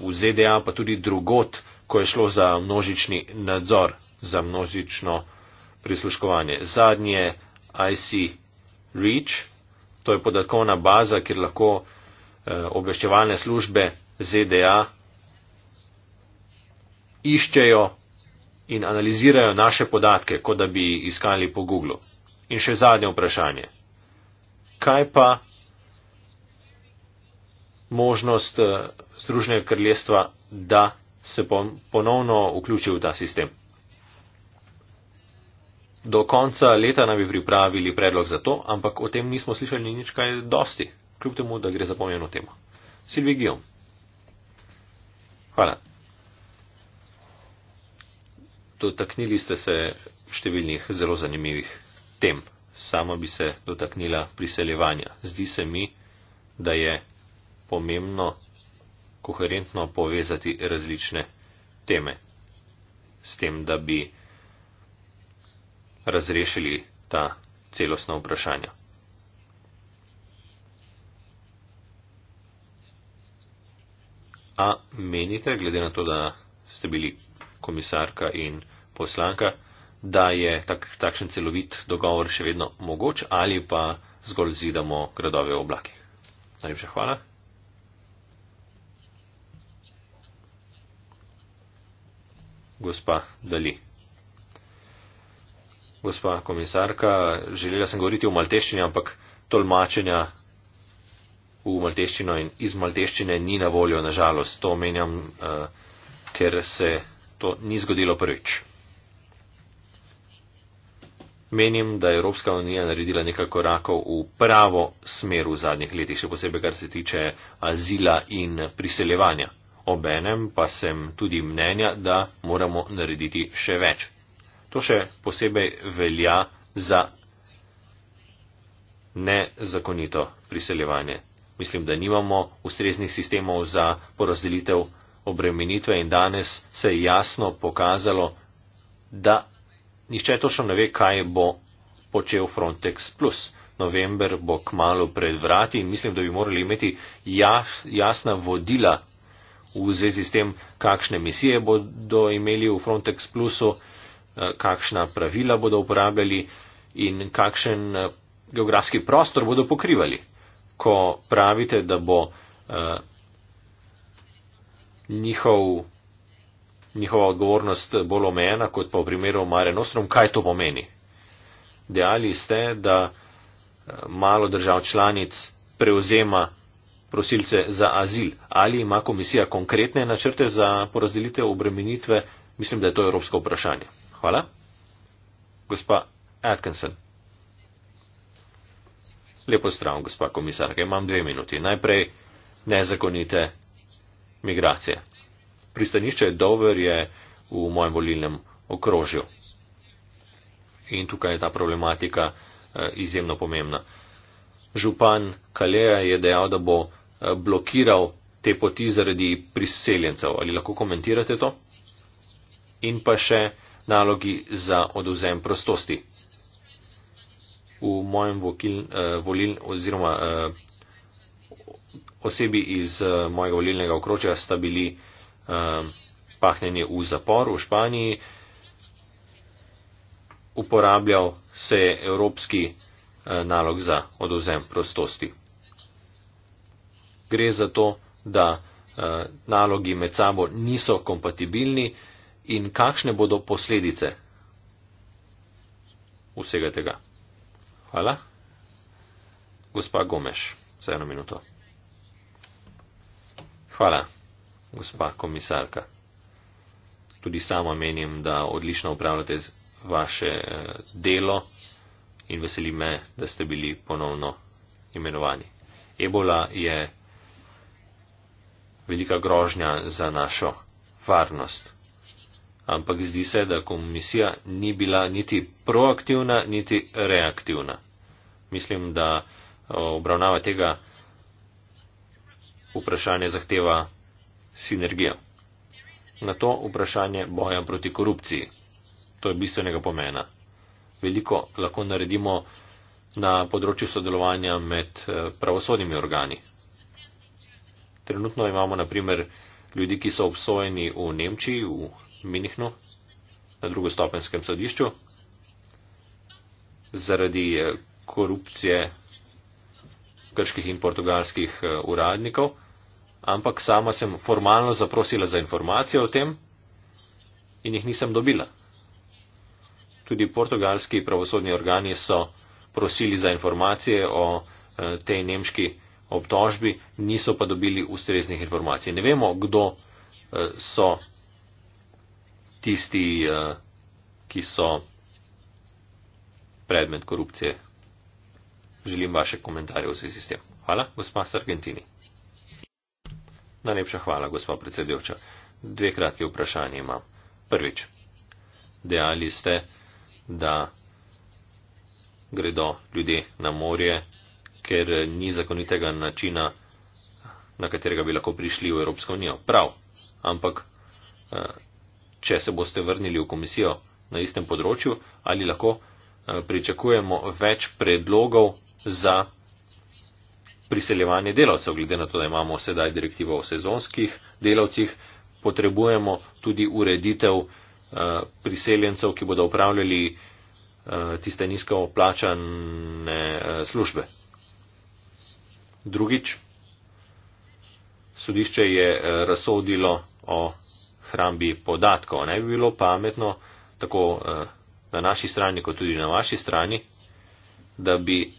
v ZDA, pa tudi drugot, ko je šlo za množični nadzor, za množično prisluškovanje. Zadnje IC Reach, to je podatkovna baza, kjer lahko eh, obveščevalne službe ZDA iščejo in analizirajo naše podatke, kot da bi iskali po Google. In še zadnje vprašanje. Kaj pa možnost eh, Združenega krljestva, da se ponovno vključi v ta sistem? Do konca leta naj bi pripravili predlog za to, ampak o tem nismo slišali nič kaj dosti, kljub temu, da gre za pomembno temo. Silvi Gijom. Hvala. Dotaknili ste se številnih zelo zanimivih tem. Sama bi se dotaknila priseljevanja. Zdi se mi, da je pomembno koherentno povezati različne teme s tem, da bi razrešili ta celostna vprašanja. A menite, glede na to, da ste bili komisarka in poslanka, da je tak, takšen celovit dogovor še vedno mogoč ali pa zgolj zidamo gradove v oblakih. Najlepša hvala. Gospa Dali. Gospa komisarka, želela sem govoriti o malteščini, ampak tolmačenja v malteščino in iz malteščine ni na voljo, nažalost. To omenjam, uh, ker se to ni zgodilo prvič. Menim, da je Evropska unija naredila nekaj korakov v pravo smer v zadnjih letih, še posebej kar se tiče azila in priseljevanja. Obenem pa sem tudi mnenja, da moramo narediti še več. To še posebej velja za nezakonito priseljevanje. Mislim, da nimamo ustreznih sistemov za porazdelitev obremenitve in danes se je jasno pokazalo, da nihče točno ne ve, kaj bo počel Frontex Plus. November bo kmalo pred vrati in mislim, da bi morali imeti jas, jasna vodila v zvezi s tem, kakšne misije bodo imeli v Frontex Plusu, eh, kakšna pravila bodo uporabljali in kakšen eh, geografski prostor bodo pokrivali. Ko pravite, da bo uh, njihov njihova odgovornost bolj omejena kot pa v primeru Mare Nostrum. Kaj to pomeni? Dejali ste, da eh, malo držav članic prevzema prosilce za azil. Ali ima komisija konkretne načrte za porazdelitev obremenitve? Mislim, da je to evropsko vprašanje. Hvala. Gospa Atkinson. Lepo zdrav, gospa komisarka. Imam dve minuti. Najprej nezakonite migracije pristanišče Dover je v mojem volilnem okrožju. In tukaj je ta problematika eh, izjemno pomembna. Župan Kaleja je dejal, da bo eh, blokiral te poti zaradi priseljencev. Ali lahko komentirate to? In pa še nalogi za oduzem prostosti. V mojem vokil, eh, volil oziroma osebi iz mojega volilnega okrožja sta bili um, pahnjenje v zapor v Španiji. Uporabljal se je evropski uh, nalog za odozem prostosti. Gre za to, da uh, nalogi med sabo niso kompatibilni in kakšne bodo posledice vsega tega. Hvala. Gospa Gomeš, za eno minuto. Hvala gospa komisarka. Tudi sama menim, da odlično upravljate vaše eh, delo in veseli me, da ste bili ponovno imenovani. Ebola je velika grožnja za našo varnost. Ampak zdi se, da komisija ni bila niti proaktivna, niti reaktivna. Mislim, da eh, obravnava tega vprašanja zahteva sinergijo. Na to vprašanje boja proti korupciji. To je bistvenega pomena. Veliko lahko naredimo na področju sodelovanja med eh, pravosodnimi organi. Trenutno imamo naprimer ljudi, ki so obsojeni v Nemčiji, v Minihnu, na drugostopenskem sodišču, zaradi eh, korupcije grških in portugalskih eh, uradnikov ampak sama sem formalno zaprosila za informacije o tem in jih nisem dobila. Tudi portugalski pravosodni organi so prosili za informacije o eh, tej nemški obtožbi, niso pa dobili ustreznih informacij. Ne vemo, kdo eh, so tisti, eh, ki so predmet korupcije. Želim vaše komentarje v zvezi s tem. Hvala, gospa Sargentini. Najlepša hvala, gospod predsedujoča. Dve kratki vprašanje imam. Prvič. Dejali ste, da gredo ljudje na morje, ker ni zakonitega načina, na katerega bi lahko prišli v Evropsko unijo. Prav. Ampak, eh, če se boste vrnili v komisijo na istem področju, ali lahko eh, pričakujemo več predlogov za priseljevanje delavcev, glede na to, da imamo sedaj direktivo o sezonskih delavcih, potrebujemo tudi ureditev uh, priseljencev, ki bodo upravljali uh, eh, tiste nizko plačane uh, eh, službe. Drugič, sodišče je uh, razsodilo o hrambi podatkov. Naj bi bilo pametno, tako uh, na naši strani, kot tudi na vaši strani, da bi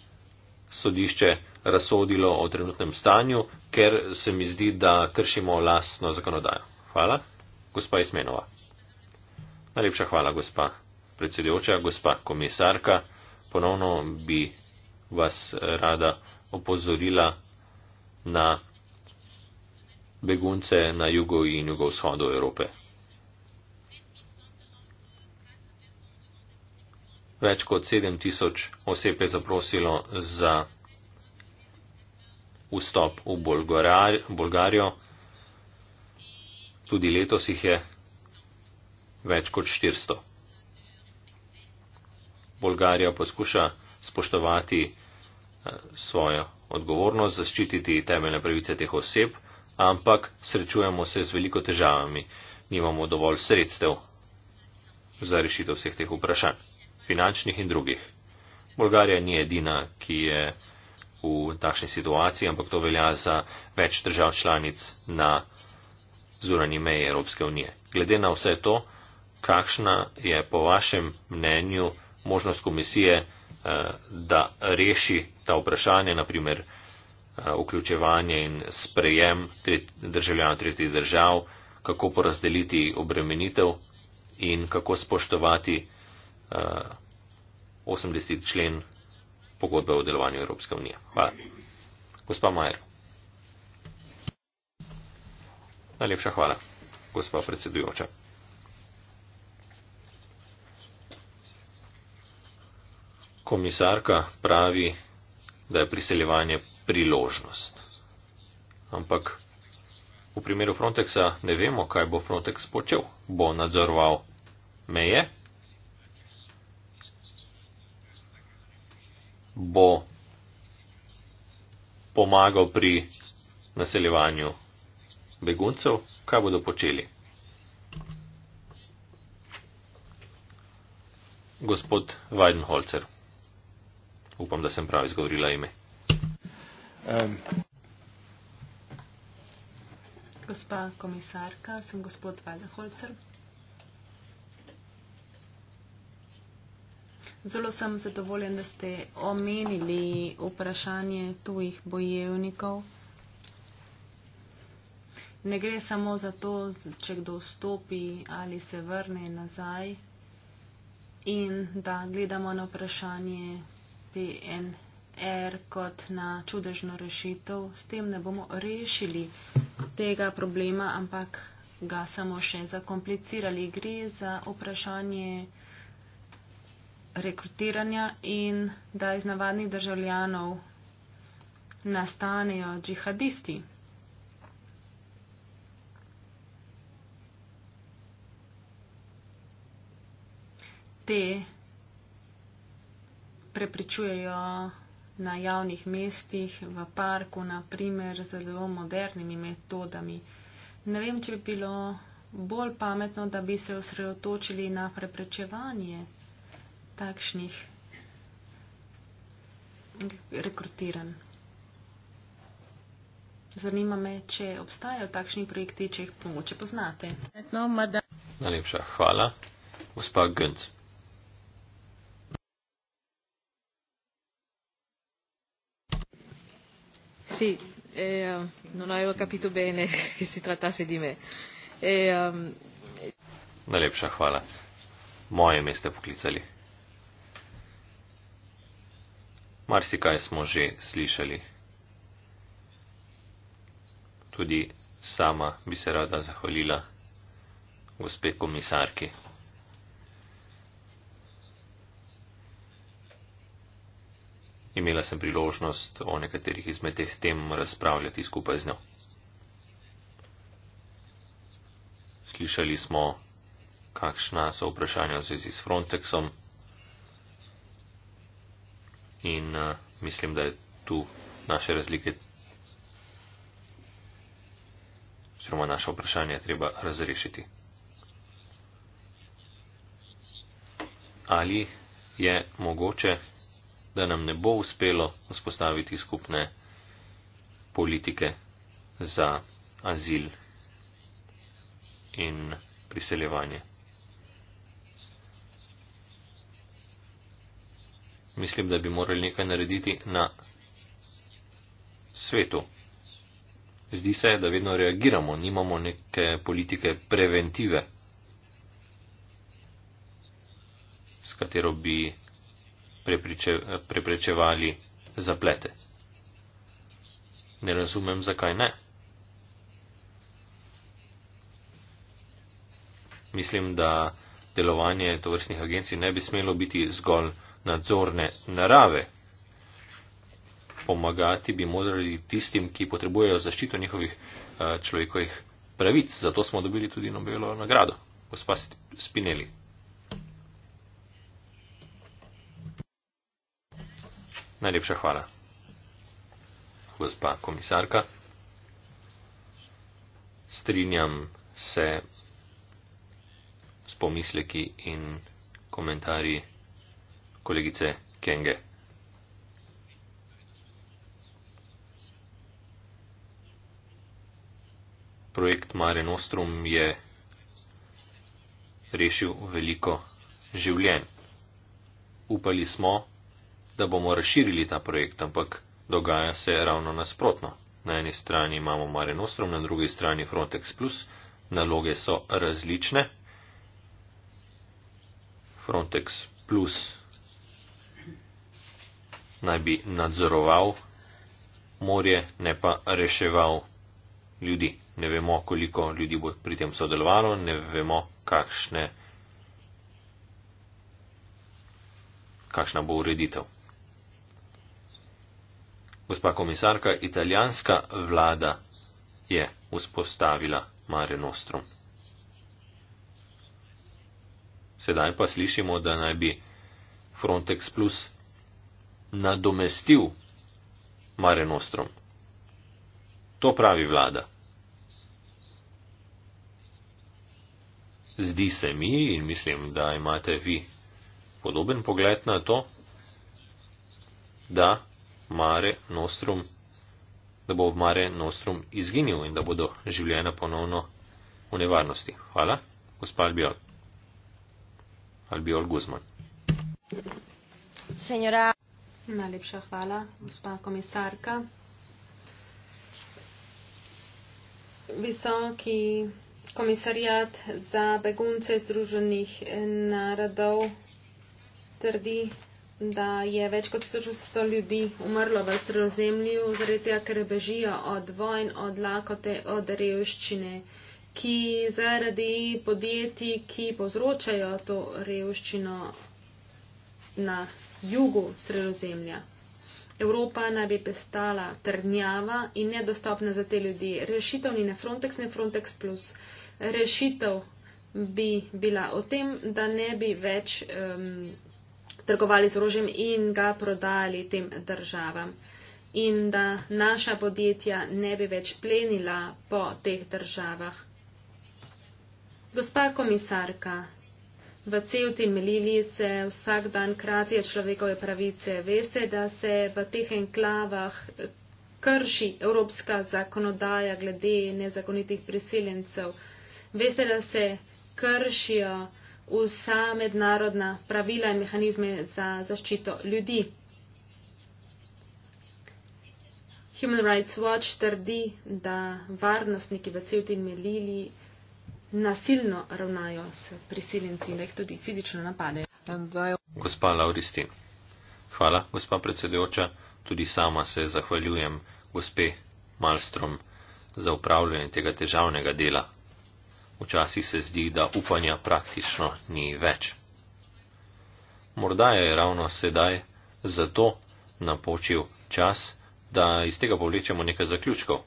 sodišče razsodilo o trenutnem stanju, ker se mi zdi, da kršimo lastno zakonodajo. Hvala, gospa Ismenova. Najlepša hvala, gospa predsedujoča, gospa komisarka. Ponovno bi vas rada opozorila na begunce na jugu in jugovzhodu Evrope. Več kot 7000 oseb je zaprosilo za vstop v Bolgarijo. Tudi letos jih je več kot 400. Bolgarija poskuša spoštovati eh, svojo odgovornost, zaščititi temeljne pravice teh oseb, ampak srečujemo se z veliko težavami. Nimamo dovolj sredstev za rešitev vseh teh vprašanj, finančnih in drugih. Bolgarija ni edina, ki je v takšni situaciji, ampak to velja za več držav članic na zunanji meji Evropske unije. Glede na vse to, kakšna je po vašem mnenju možnost komisije, eh, da reši ta vprašanje, naprimer eh, vključevanje in sprejem državljanov tretjih držav, kako porazdeliti obremenitev in kako spoštovati 80. Eh, člen pogodbe o delovanju Evropske unije. Hvala. Gospa Majer. Najlepša hvala, gospa predsedujoča. Komisarka pravi, da je priseljevanje priložnost. Ampak v primeru Frontexa ne vemo, kaj bo Frontex počel. Bo nadzorval meje, bo pomagal pri naseljevanju beguncev, kaj bodo počeli. Gospod Weidenholzer, upam, da sem prav izgovorila ime. Um. Gospa komisarka, sem gospod Weidenholzer. Zelo sem zadovoljen, da ste omenili vprašanje tujih bojevnikov. Ne gre samo za to, če kdo vstopi ali se vrne nazaj in da gledamo na vprašanje PNR kot na čudežno rešitev. S tem ne bomo rešili tega problema, ampak ga samo še zakomplicirali. Gre za vprašanje rekrutiranja in da iz navadnih državljanov nastanejo džihadisti. Te prepričujejo na javnih mestih, v parku, naprimer, z zelo modernimi metodami. Ne vem, če bi bilo bolj pametno, da bi se osredotočili na preprečevanje takšnih rekrutiranj. Zanima me, če obstajajo takšni projekti, če jih pomoče poznate. No, Najlepša hvala. Gospa Gönc. Sì, eh, non no, avevo capito bene che si trattasse di me. Eh, um... Najlepša hvala. Moje mesto poklicali. Marsikaj smo že slišali. Tudi sama bi se rada zahvalila gospe komisarki. Imela sem priložnost o nekaterih izmed teh tem razpravljati skupaj z njo. Slišali smo, kakšna so vprašanja v zvezi s Frontexom in uh, mislim, da je tu naše razlike, oziroma naše vprašanje treba razrešiti. Ali je mogoče, da nam ne bo uspelo vzpostaviti skupne politike za azil in priseljevanje? mislim, da bi morali nekaj narediti na svetu. Zdi se, da vedno reagiramo, nimamo neke politike preventive, s katero bi preprečevali zaplete. Ne razumem, zakaj ne. Mislim, da delovanje tovrstnih agencij ne bi smelo biti zgolj nadzorne narave. Pomagati bi morali tistim, ki potrebujejo zaščito njihovih eh, človekovih pravic. Zato smo dobili tudi Nobelo nagrado, gospa Spinelli. Najlepša hvala, gospa komisarka. Strinjam se s pomisleki in komentarji kolegice Kenge. Projekt Mare Nostrum je rešil veliko življenj. Upali smo, da bomo razširili ta projekt, ampak dogaja se ravno nasprotno. Na eni strani imamo Mare Nostrum, na drugi strani Frontex Plus. Naloge so različne. Frontex Plus naj bi nadzoroval morje, ne pa reševal ljudi. Ne vemo, koliko ljudi bo pri tem sodelovalo, ne vemo, kakšne, kakšna bo ureditev. Gospa komisarka, italijanska vlada je vzpostavila Mare Nostrum. Sedaj pa slišimo, da naj bi Frontex Plus nadomestil Marenostrom. To pravi vlada. Zdi se mi in mislim, da imate vi podoben pogled na to, da, Mare Nostrum, da bo v Mare Nostrum izginil in da bodo življenja ponovno v nevarnosti. Hvala, gospod Albiol. Albiol Guzman. Senjora. Najlepša hvala, gospa komisarka. Visoki komisarjat za begunce Združenih narodov trdi, da je več kot 1600 ljudi umrlo v strozemlju zaradi tega, ker bežijo od vojn, od lakote, od revščine, ki zaradi podjetij, ki povzročajo to revščino na jugu sredozemlja. Evropa naj bi pestala trdnjava in nedostopna za te ljudi. Rešitev ni ne Frontex, ne Frontex plus. Rešitev bi bila o tem, da ne bi več um, trgovali z orožjem in ga prodajali tem državam. In da naša podjetja ne bi več plenila po teh državah. Gospa komisarka, V celoti Melili se vsak dan kratijo človekove pravice. Veste, da se v teh enklavah eh, krši evropska zakonodaja glede nezakonitih priseljencev. Veste, da se kršijo vsa mednarodna pravila in mehanizme za zaščito ljudi. Human Rights Watch trdi, da varnostniki v celoti Melili nasilno ravnajo s prisilinci in da jih tudi fizično napadejo. Gospa Lauristin, hvala, gospa predsedujoča. Tudi sama se zahvaljujem gospe Malstrom za upravljanje tega težavnega dela. Včasih se zdi, da upanja praktično ni več. Morda je ravno sedaj zato napočil čas, da iz tega povlečemo nekaj zaključkov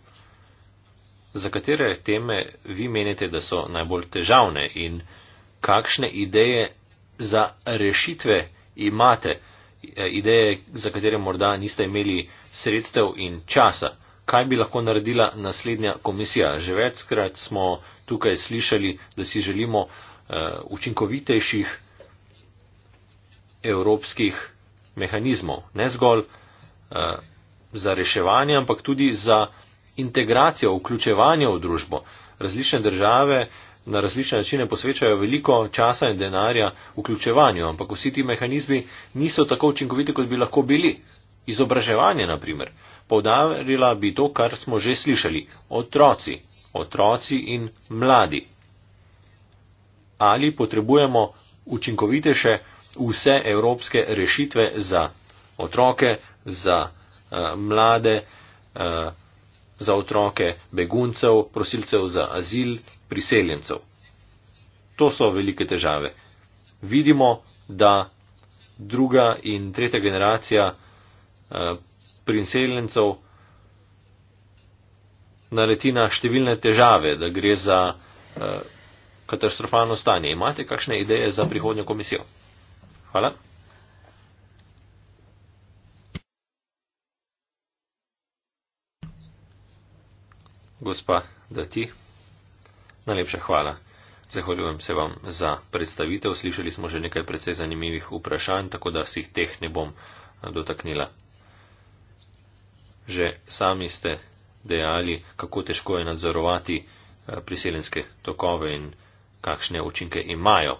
za katere teme vi menite, da so najbolj težavne in kakšne ideje za rešitve imate, e, ideje, za katere morda niste imeli sredstev in časa. Kaj bi lahko naredila naslednja komisija? Že večkrat smo tukaj slišali, da si želimo uh, učinkovitejših evropskih mehanizmov, ne zgolj uh, za reševanje, ampak tudi za integracijo, vključevanje v družbo. Različne države na različne načine posvečajo veliko časa in denarja vključevanju, ampak vsi ti mehanizmi niso tako učinkoviti, kot bi lahko bili. Izobraževanje, na primer. Povdarila bi to, kar smo že slišali. Otroci. Otroci in mladi. Ali potrebujemo učinkovitejše vse evropske rešitve za otroke, za uh, mlade, uh, za otroke beguncev, prosilcev za azil, priseljencev. To so velike težave. Vidimo, da druga in tretja generacija eh, priseljencev naleti na številne težave, da gre za eh, katastrofalno stanje. Imate kakšne ideje za prihodnjo komisijo? Hvala. gospa Dati. Najlepša hvala. Zahvaljujem se vam za predstavitev. Slišali smo že nekaj precej zanimivih vprašanj, tako da si teh ne bom eh, dotaknila. Že sami ste dejali, kako težko je nadzorovati eh, priseljenske tokove in kakšne učinke imajo.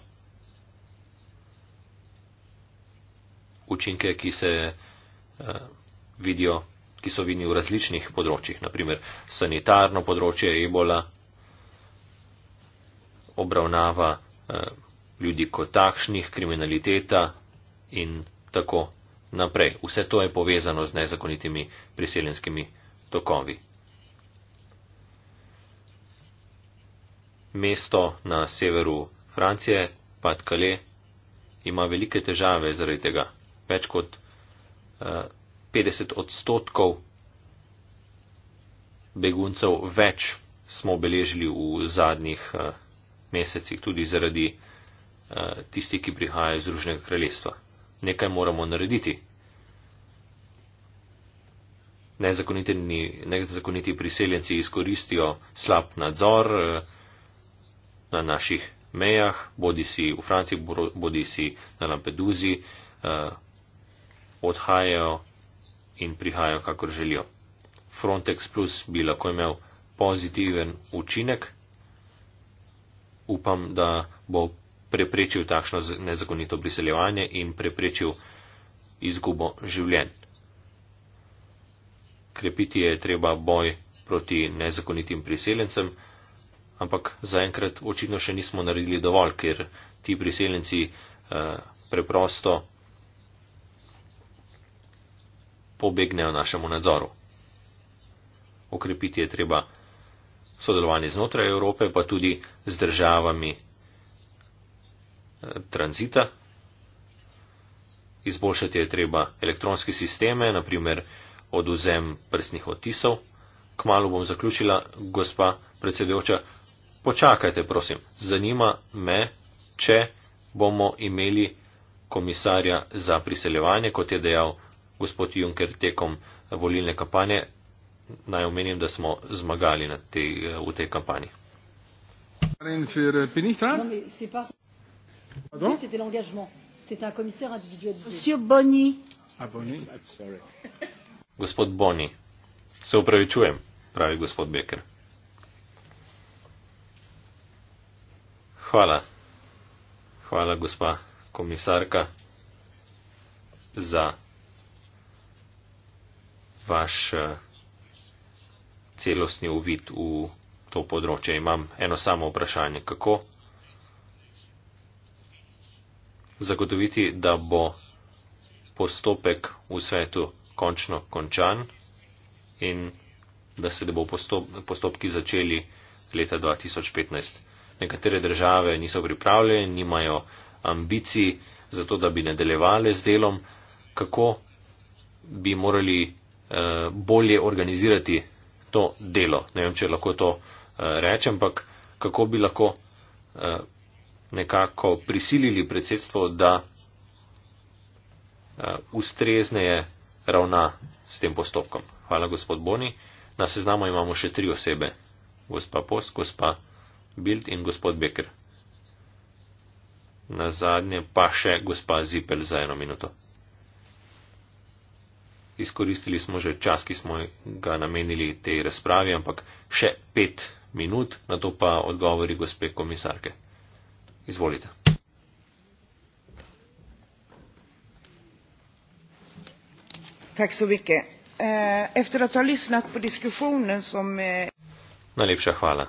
Učinke, ki se eh, vidijo ki so vidni v različnih področjih, naprimer sanitarno področje ebola, obravnava eh, ljudi kot takšnih, kriminaliteta in tako naprej. Vse to je povezano z nezakonitimi priseljenskimi tokovi. Mesto na severu Francije, Pat Calais, ima velike težave zaradi tega. Več kot eh, 50 odstotkov beguncev več smo beležili v zadnjih uh, mesecih tudi zaradi uh, tistih, ki prihajajo iz Združenega kraljestva. Nekaj moramo narediti. Nezakoniti, nezakoniti priseljenci izkoristijo slab nadzor eh, na naših mejah, bodi si v Franciji, bodi si na Lampeduzi, odhajajo in prihajajo, kakor želijo. Frontex Plus bi lahko imel pozitiven učinek. Upam, da bo preprečil takšno nezakonito priseljevanje in preprečil izgubo življenj. Krepiti je treba boj proti nezakonitim priseljencem, ampak zaenkrat očitno še nismo naredili dovolj, ker ti priseljenci eh, preprosto pobegnejo našemu nadzoru. Okrepiti je treba sodelovanje znotraj Evrope, pa tudi z državami eh, tranzita. Izboljšati je treba elektronske sisteme, naprimer oduzem prstnih odtisov. Kmalo bom zaključila, gospa predsedujoča, počakajte, prosim. Zanima me, če bomo imeli komisarja za priseljevanje, kot je dejal gospod Juncker tekom volilne kampanje. Naj omenim, da smo zmagali te, v tej kampanji. Boni. Gospod Boni, se upravičujem, pravi gospod Becker. Hvala. Hvala, gospa komisarka, za vaš eh, celostni uvid v to področje. Imam eno samo vprašanje, kako zagotoviti, da bo postopek v svetu končno končan in da se da bo postopki začeli leta 2015. Nekatere države niso pripravljene, nimajo ambicij za to, da bi nadaljevale z delom. Kako bi morali Eh, bolje organizirati to delo. Ne vem, če lahko to eh, rečem, ampak kako bi lahko eh, nekako prisilili predsedstvo, da ustrezneje ravna s tem postopkom. Hvala, gospod Boni. Na seznamu imamo še tri osebe. Gospa Post, gospa Bild in gospod Becker. Na zadnje pa še gospa Zipel za eno minuto izkoristili smo že čas, ki smo ga namenili tej razpravi, ampak še pet minut, na to pa odgovori gospe komisarke. Izvolite. Tak so vike. Eh, efter att ha lyssnat på diskussionen som... Eh, Najlepša hvala.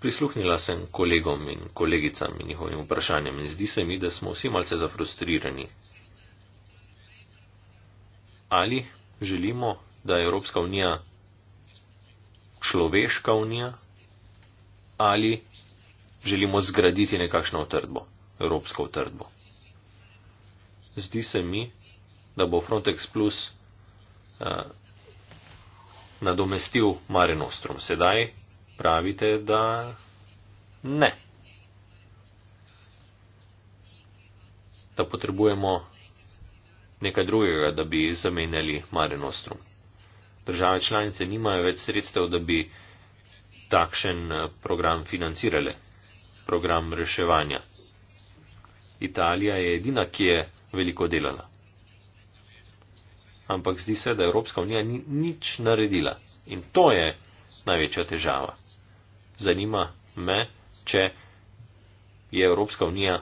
Prisluhnila sem kolegom in kolegicam in njihovim vprašanjem in zdi se mi, da smo vsi malce zafrustrirani. Ali želimo, da je Evropska unija človeška unija ali želimo zgraditi nekakšno utrdbo, evropsko utrdbo? Zdi se mi, da bo Frontex Plus uh, nadomestil Mare Nostrum. Sedaj pravite, da ne. Da potrebujemo nekaj drugega, da bi zamenjali Mare Nostrum. Države članice nimajo več sredstev, da bi takšen eh, program financirale, program reševanja. Italija je edina, ki je veliko delala. Ampak zdi se, da Evropska unija ni nič naredila. In to je največja težava zanima me, če je Evropska unija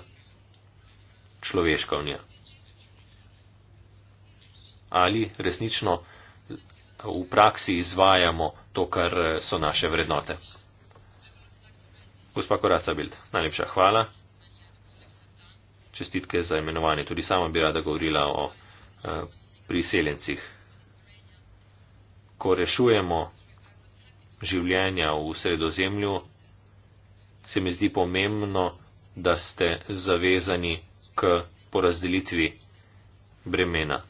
človeška unija. Ali resnično v praksi izvajamo to, kar so naše vrednote. Gospa Koraca Bild, najlepša hvala. Čestitke za imenovanje. Tudi sama bi rada govorila o eh, priseljencih. Ko rešujemo življenja v sredozemlju, se mi zdi pomembno, da ste zavezani k porazdelitvi bremena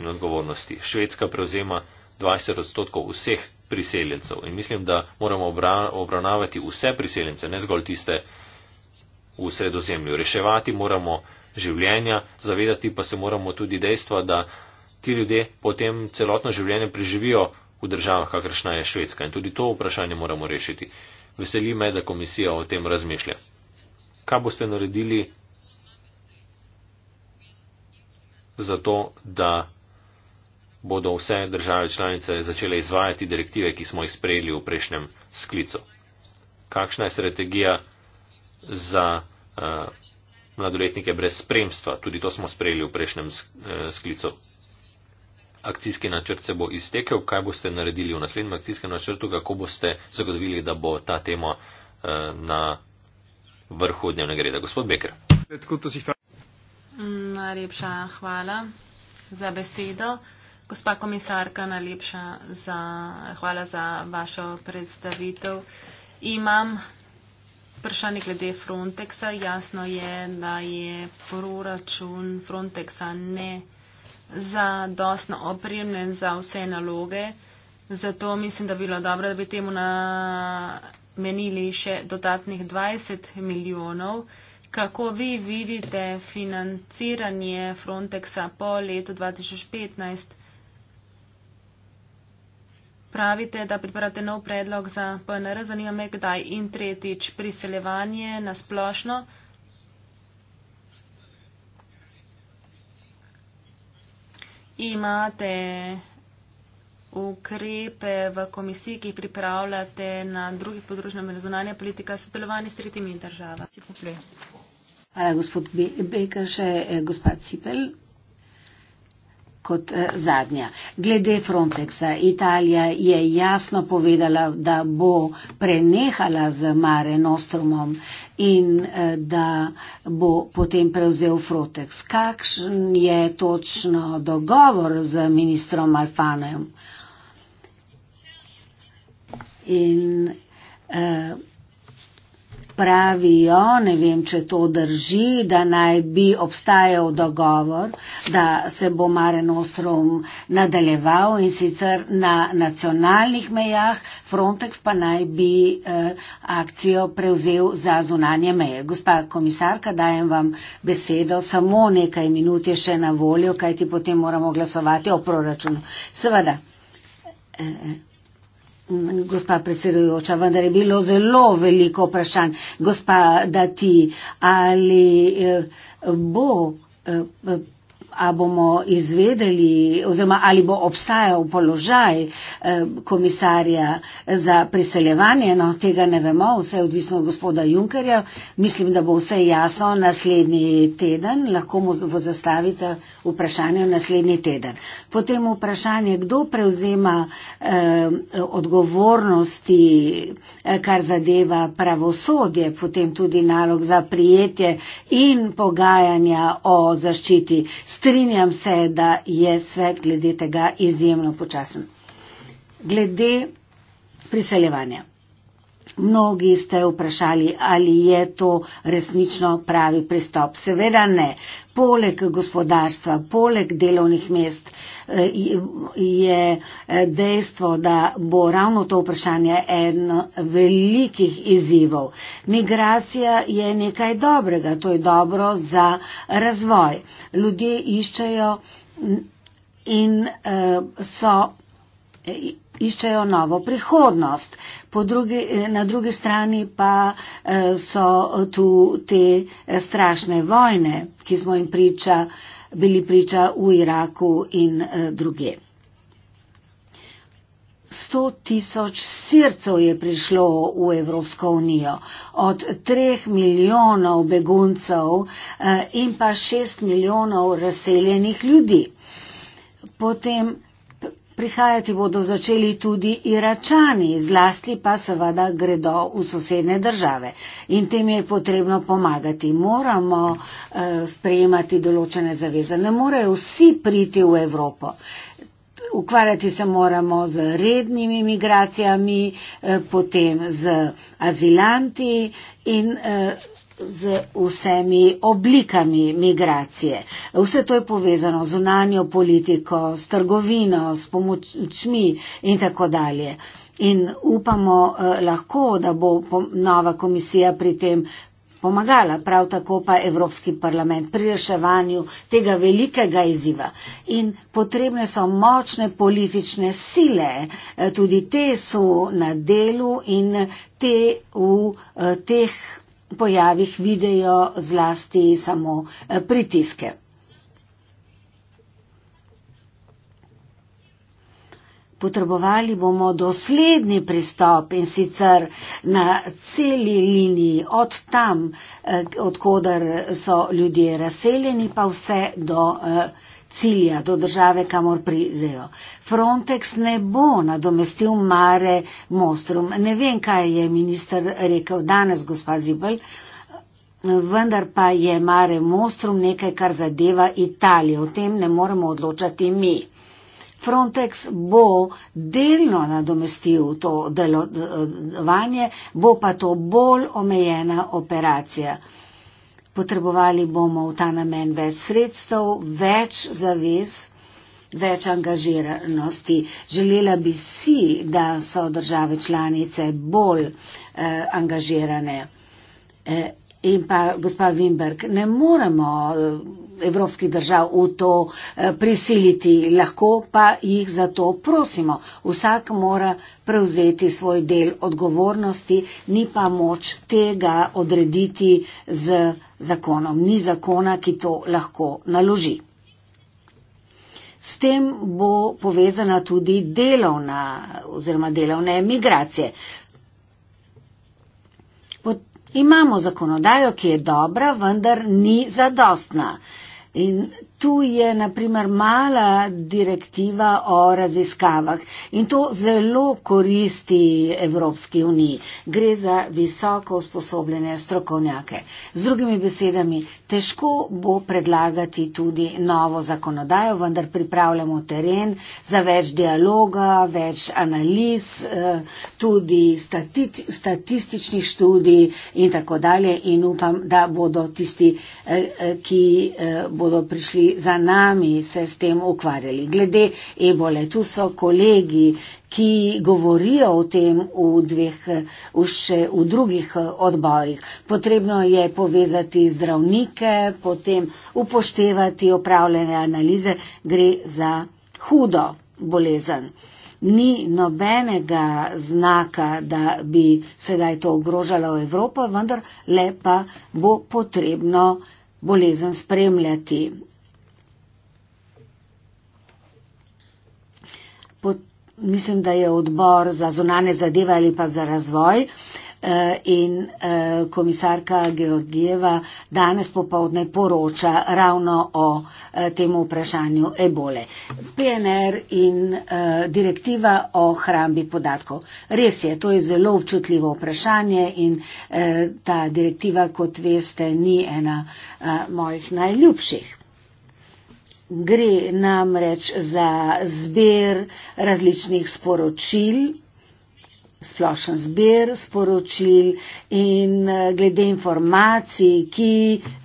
in odgovornosti. Švedska prevzema 20 odstotkov vseh priseljencev in mislim, da moramo obra obravnavati vse priseljence, ne zgolj tiste v sredozemlju. Reševati moramo življenja, zavedati pa se moramo tudi dejstva, da ti ljudje potem celotno življenje preživijo v državah, kakršna je Švedska. In tudi to vprašanje moramo rešiti. Veseli me, da komisija o tem razmišlja. Kaj boste naredili za to, da bodo vse države članice začele izvajati direktive, ki smo jih sprejeli v prejšnjem sklicu? Kakšna je strategija za uh, mladoletnike brez spremstva? Tudi to smo sprejeli v prejšnjem eh, sklicu akcijski načrt se bo iztekel, kaj boste naredili v naslednjem akcijskem načrtu, kako boste zagotovili, da bo ta tema eh, na vrhu dnevnega reda. Gospod Beker. Najlepša hvala za besedo. Gospa komisarka, najlepša za, hvala za vašo predstavitev. Imam vprašanje glede Frontexa. Jasno je, da je proračun Frontexa ne zadostno opremljen za vse naloge. Zato mislim, da bi bilo dobro, da bi temu namenili še dodatnih 20 milijonov. Kako vi vidite financiranje Frontexa po letu 2015? Pravite, da pripravite nov predlog za PNR, zanima me, kdaj in tretjič priseljevanje na splošno. imate ukrepe v komisiji, ki pripravljate na drugih področjih zunanja politika, sodelovanje s tretjimi državami. Hvala, gospod Bekaše, eh, gospod Cipel kot eh, zadnja. Glede Frontexa, Italija je jasno povedala, da bo prenehala z Mare Nostromom in eh, da bo potem prevzel Frontex. Kakšen je točno dogovor z ministrom Alfanem? In, uh, pravijo, ne vem, če to drži, da naj bi obstajal dogovor, da se bo Maren Osrom nadaljeval in sicer na nacionalnih mejah, Frontex pa naj bi eh, akcijo prevzel za zunanje meje. Gospa komisarka, dajem vam besedo, samo nekaj minut je še na voljo, kajti potem moramo glasovati o proračunu. Seveda. Eh, eh Gospa predsedujoča, vendar je bilo zelo veliko vprašanj. Gospa Dati, ali eh, bo eh, A bomo izvedeli, oziroma ali bo obstajal položaj eh, komisarja za priseljevanje, no tega ne vemo, vse je odvisno od gospoda Junkerja. Mislim, da bo vse jasno naslednji teden, lahko mu zastavite vprašanje naslednji teden. Potem vprašanje, kdo prevzema eh, odgovornosti, eh, kar zadeva pravosodje, potem tudi nalog za prijetje in pogajanja o zaščiti. Strinjam se, da je svet glede tega izjemno počasen. Glede priseljevanja. Mnogi ste vprašali, ali je to resnično pravi pristop. Seveda ne. Poleg gospodarstva, poleg delovnih mest eh, je eh, dejstvo, da bo ravno to vprašanje en velikih izzivov. Migracija je nekaj dobrega, to je dobro za razvoj. Ljudje iščejo in eh, so iščejo novo prihodnost. Drugi, eh, na drugi strani pa eh, so tu te eh, strašne vojne, ki smo jim priča, bili priča v Iraku in druge. 100 tisoč srcev je prišlo v Evropsko unijo, od 3 milijonov beguncev in pa 6 milijonov razseljenih ljudi. Potem Prihajati bodo začeli tudi iračani, zlasti pa seveda gredo v sosedne države. In tem je potrebno pomagati. Moramo eh, sprejemati določene zaveze. Ne morejo vsi priti v Evropo. Ukvarjati se moramo z rednimi migracijami, eh, potem z azilanti in. Eh, z vsemi oblikami migracije. Vse to je povezano z unanjo politiko, s trgovino, s pomočmi in tako dalje. In upamo eh, lahko, da bo nova komisija pri tem pomagala, prav tako pa Evropski parlament pri reševanju tega velikega izziva. In potrebne so močne politične sile, eh, tudi te so na delu in te v eh, teh pojavih vidijo zlasti samo eh, pritiske. Potrebovali bomo dosledni pristop in sicer na celi liniji, od tam, eh, odkudar so ljudje razseljeni, pa vse do eh, cilja, do države, kamor pridejo. Frontex ne bo nadomestil Mare Mostrum. Ne vem, kaj je minister rekel danes, gospa Zibel, vendar pa je Mare Mostrum nekaj, kar zadeva Italijo. O tem ne moremo odločati mi. Frontex bo delno nadomestil to delovanje, bo pa to bolj omejena operacija. Potrebovali bomo v ta namen več sredstev, več zavez, več angažiranosti. Želela bi si, da so države članice bolj eh, angažirane. Eh, In pa, gospa Wimberg, ne moremo eh, evropskih držav v to eh, prisiliti, lahko pa jih za to prosimo. Vsak mora prevzeti svoj del odgovornosti, ni pa moč tega odrediti z zakonom. Ni zakona, ki to lahko naloži. S tem bo povezana tudi delovna oziroma delovne migracije. Imamo zakonodajo, ki je dobra, vendar ni zadostna. In tu je naprimer mala direktiva o raziskavah in to zelo koristi Evropski uniji. Gre za visoko usposobljene strokovnjake. Z drugimi besedami, težko bo predlagati tudi novo zakonodajo, vendar pripravljamo teren za več dialoga, več analiz, eh, tudi stati, statističnih študij in tako dalje in upam, da bodo tisti, eh, eh, ki bodo prišli za nami se s tem ukvarjali. Glede ebole, tu so kolegi, ki govorijo o tem v, dveh, v, še, v drugih odborih. Potrebno je povezati zdravnike, potem upoštevati opravljene analize, gre za hudo bolezen. Ni nobenega znaka, da bi sedaj to ogrožalo Evropo, vendar lepa bo potrebno bolezen spremljati pot, mislim, da je odbor za zunane zadeve ali pa za razvoj eh, in eh, komisarka Georgijeva danes popovdne poroča ravno o eh, tem vprašanju ebole. PNR in direktiva o hrambi podatkov. Res je, to je zelo občutljivo vprašanje in ta direktiva, kot veste, ni ena mojih najljubših. Gre namreč za zbir različnih sporočil, splošen zbir sporočil in eh, glede informacij, ki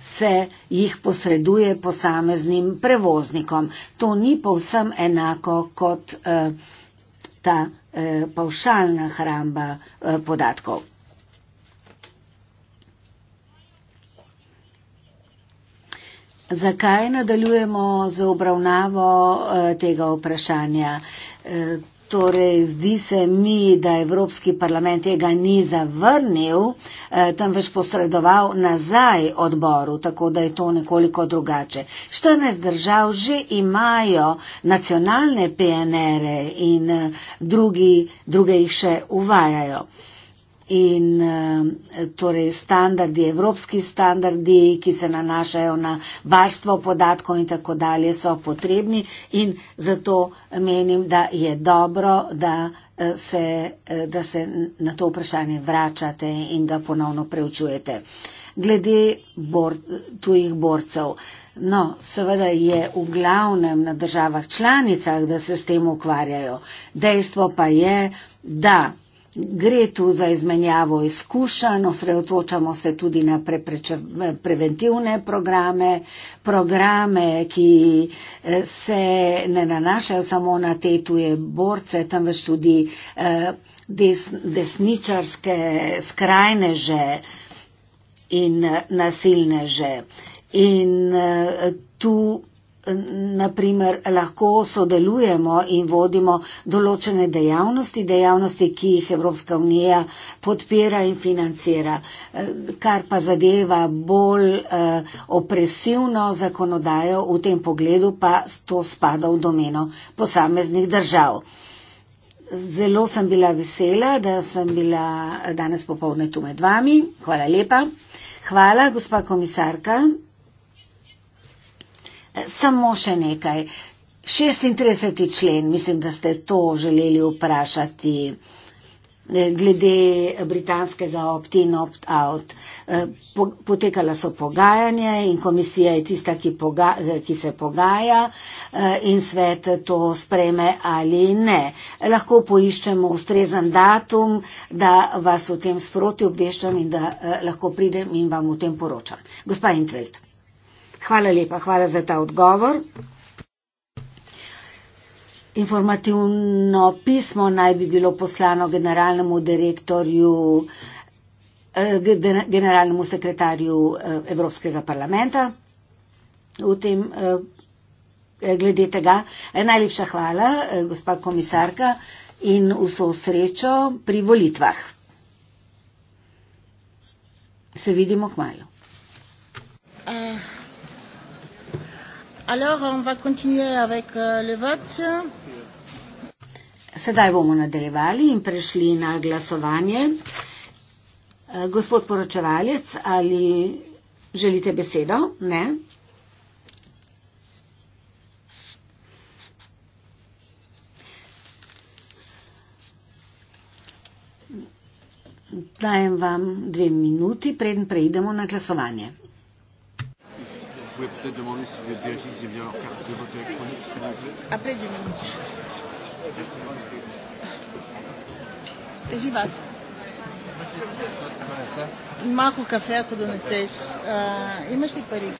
se jih posreduje posameznim prevoznikom. To ni povsem enako kot eh, ta eh, pavšalna hramba eh, podatkov. Zakaj nadaljujemo z obravnavo eh, tega vprašanja? Eh, torej, zdi se mi, da Evropski parlament tega ni zavrnil, eh, temveč posredoval nazaj odboru, tako da je to nekoliko drugače. 14 držav že imajo nacionalne PNR-e in drugi, druge jih še uvajajo in eh, torej standardi, evropski standardi, ki se nanašajo na varstvo podatkov in tako dalje, so potrebni in zato menim, da je dobro, da eh, se, eh, da se na to vprašanje vračate in ga ponovno preučujete. Glede bor, tujih borcev. No, seveda je v glavnem na državah članicah, da se s tem ukvarjajo. Dejstvo pa je, da Gre tu za izmenjavo izkušenj, osredotočamo se tudi na preventivne programe, programe, ki eh, se ne nanašajo samo na te tuje borce, temveč tudi eh, des, desničarske skrajneže in eh, nasilneže. In tu naprimer lahko sodelujemo in vodimo določene dejavnosti, dejavnosti, ki jih Evropska unija podpira in financira. Eh, kar pa zadeva bolj eh, opresivno zakonodajo v tem pogledu, pa to spada v domeno posameznih držav. Zelo sem bila vesela, da sem bila danes popovdne tu med vami. Hvala lepa. Hvala, gospa komisarka. Samo še nekaj. 36. člen, mislim, da ste to želeli vprašati eh, glede britanskega opt-in, opt-out. Eh, potekala so pogajanja in komisija je tista, ki, poga, eh, ki se pogaja in svet to spreme ali ne. Lahko poiščemo ustrezen datum, da vas o tem sproti obveščam in da lahko pridem in vam o tem poročam. Gospa Intveld. Hvala lepa, hvala za ta odgovor. Informativno pismo naj bi bilo poslano generalnemu direktorju, eh, generalnemu sekretarju eh, Evropskega parlamenta v tem eh, glede tega. Najlepša hvala, gospa komisarka, in vso srečo pri volitvah. Se vidimo k malu. Alors, on va continuer avec euh, le vote. Sedaj bomo nadaljevali in prešli na glasovanje. Eh, gospod poročevalec, ali želite besedo? Ne. Dajem vam dve minuti, preden preidemo na glasovanje pouvez peut-être demander si vous êtes vérifié qu'ils aient bien leur carte de vote électronique, s'il vous plaît Après du minute. Малко кафе, ако донесеш. А, имаш ли пари?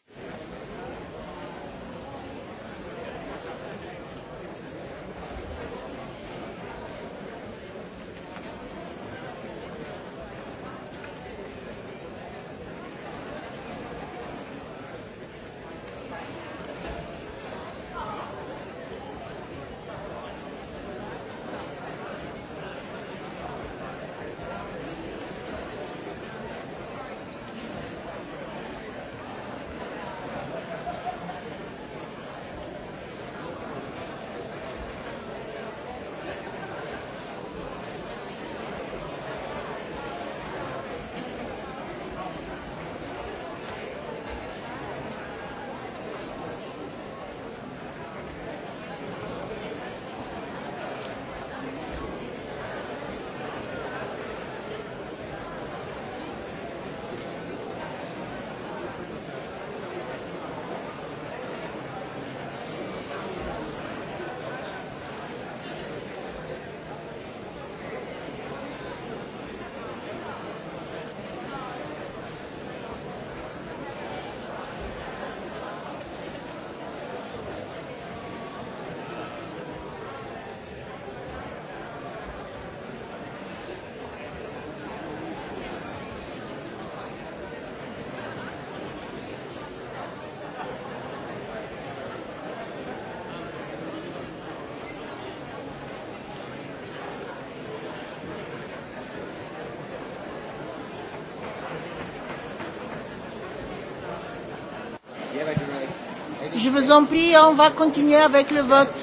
je vous en prie, on va continuer avec le vote.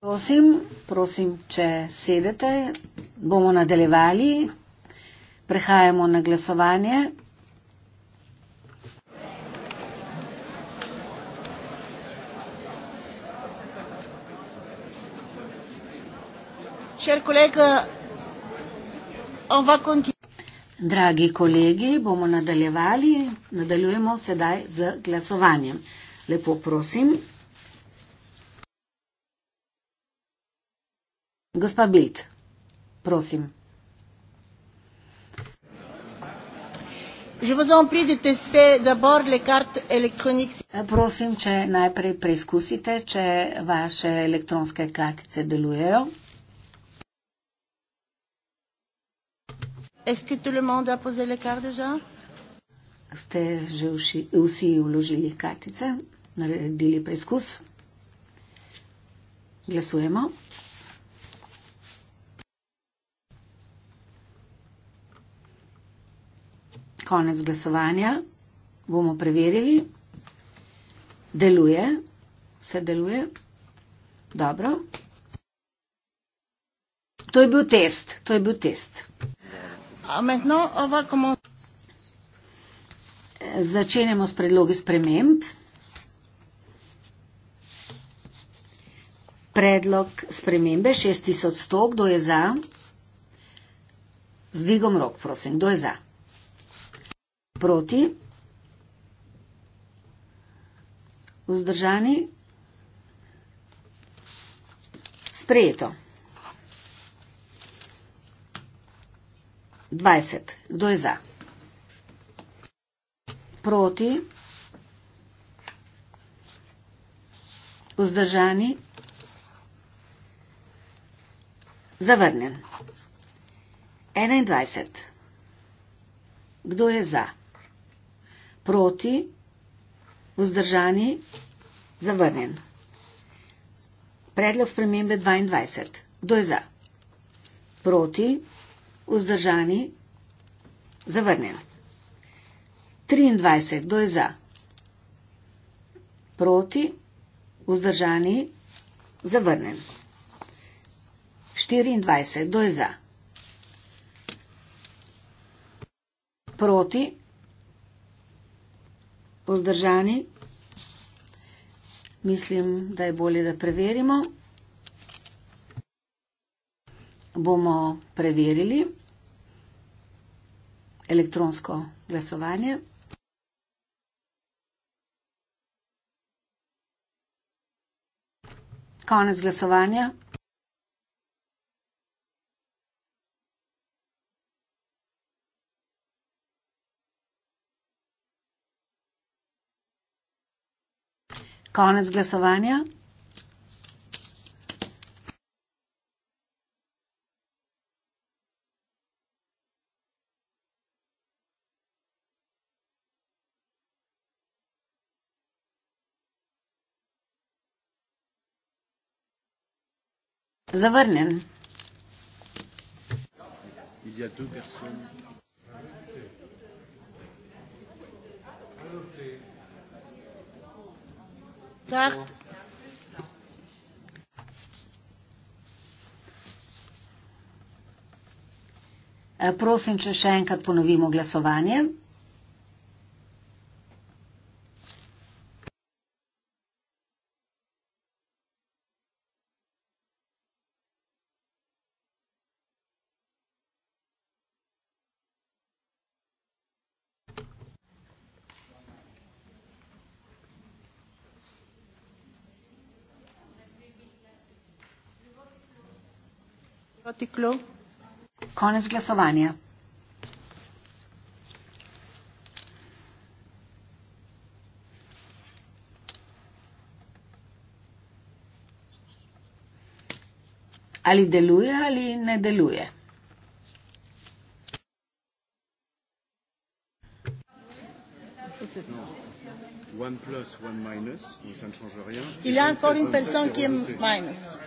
Prosim, prosim, če sedete, bomo nadaljevali. Prehajamo na glasovanje. Dragi kolegi, bomo nadaljevali. Nadaljujemo sedaj z glasovanjem. Lepo prosim. Gospa Bild, prosim. Eh, prosim, če najprej preizkusite, če vaše elektronske kartice delujejo. Ste že vsi vložili kartice? naredili preizkus. Glasujemo. Konec glasovanja. Bomo preverili. Deluje. Vse deluje. Dobro. To je bil test. To je bil test. Začenjamo s predlogi sprememb. predlog spremembe 6100. Kdo je za? Z dvigom rok, prosim. Kdo je za? Proti? Vzdržani? Sprejeto. 20. Kdo je za? Proti? Vzdržani? Zavrnem. 21. Kdo je za? Proti? Vzdržani? Zavrnen. Predlog spremembe 22. Kdo je za? Proti? Vzdržani? Zavrnen. 23. Kdo je za? Proti? Vzdržani? Zavrnen. 24. Kdo je za? Proti? Vzdržani? Mislim, da je bolje, da preverimo. Bomo preverili elektronsko glasovanje. Konec glasovanja. Konec glasovanja. Zavrnjen. Thank you. Kaart. Prosim, če še enkrat ponovimo glasovanje. artiklu. Konec glasovanja. Ali deluje ali ne deluje? Il y a encore une personne qui est minus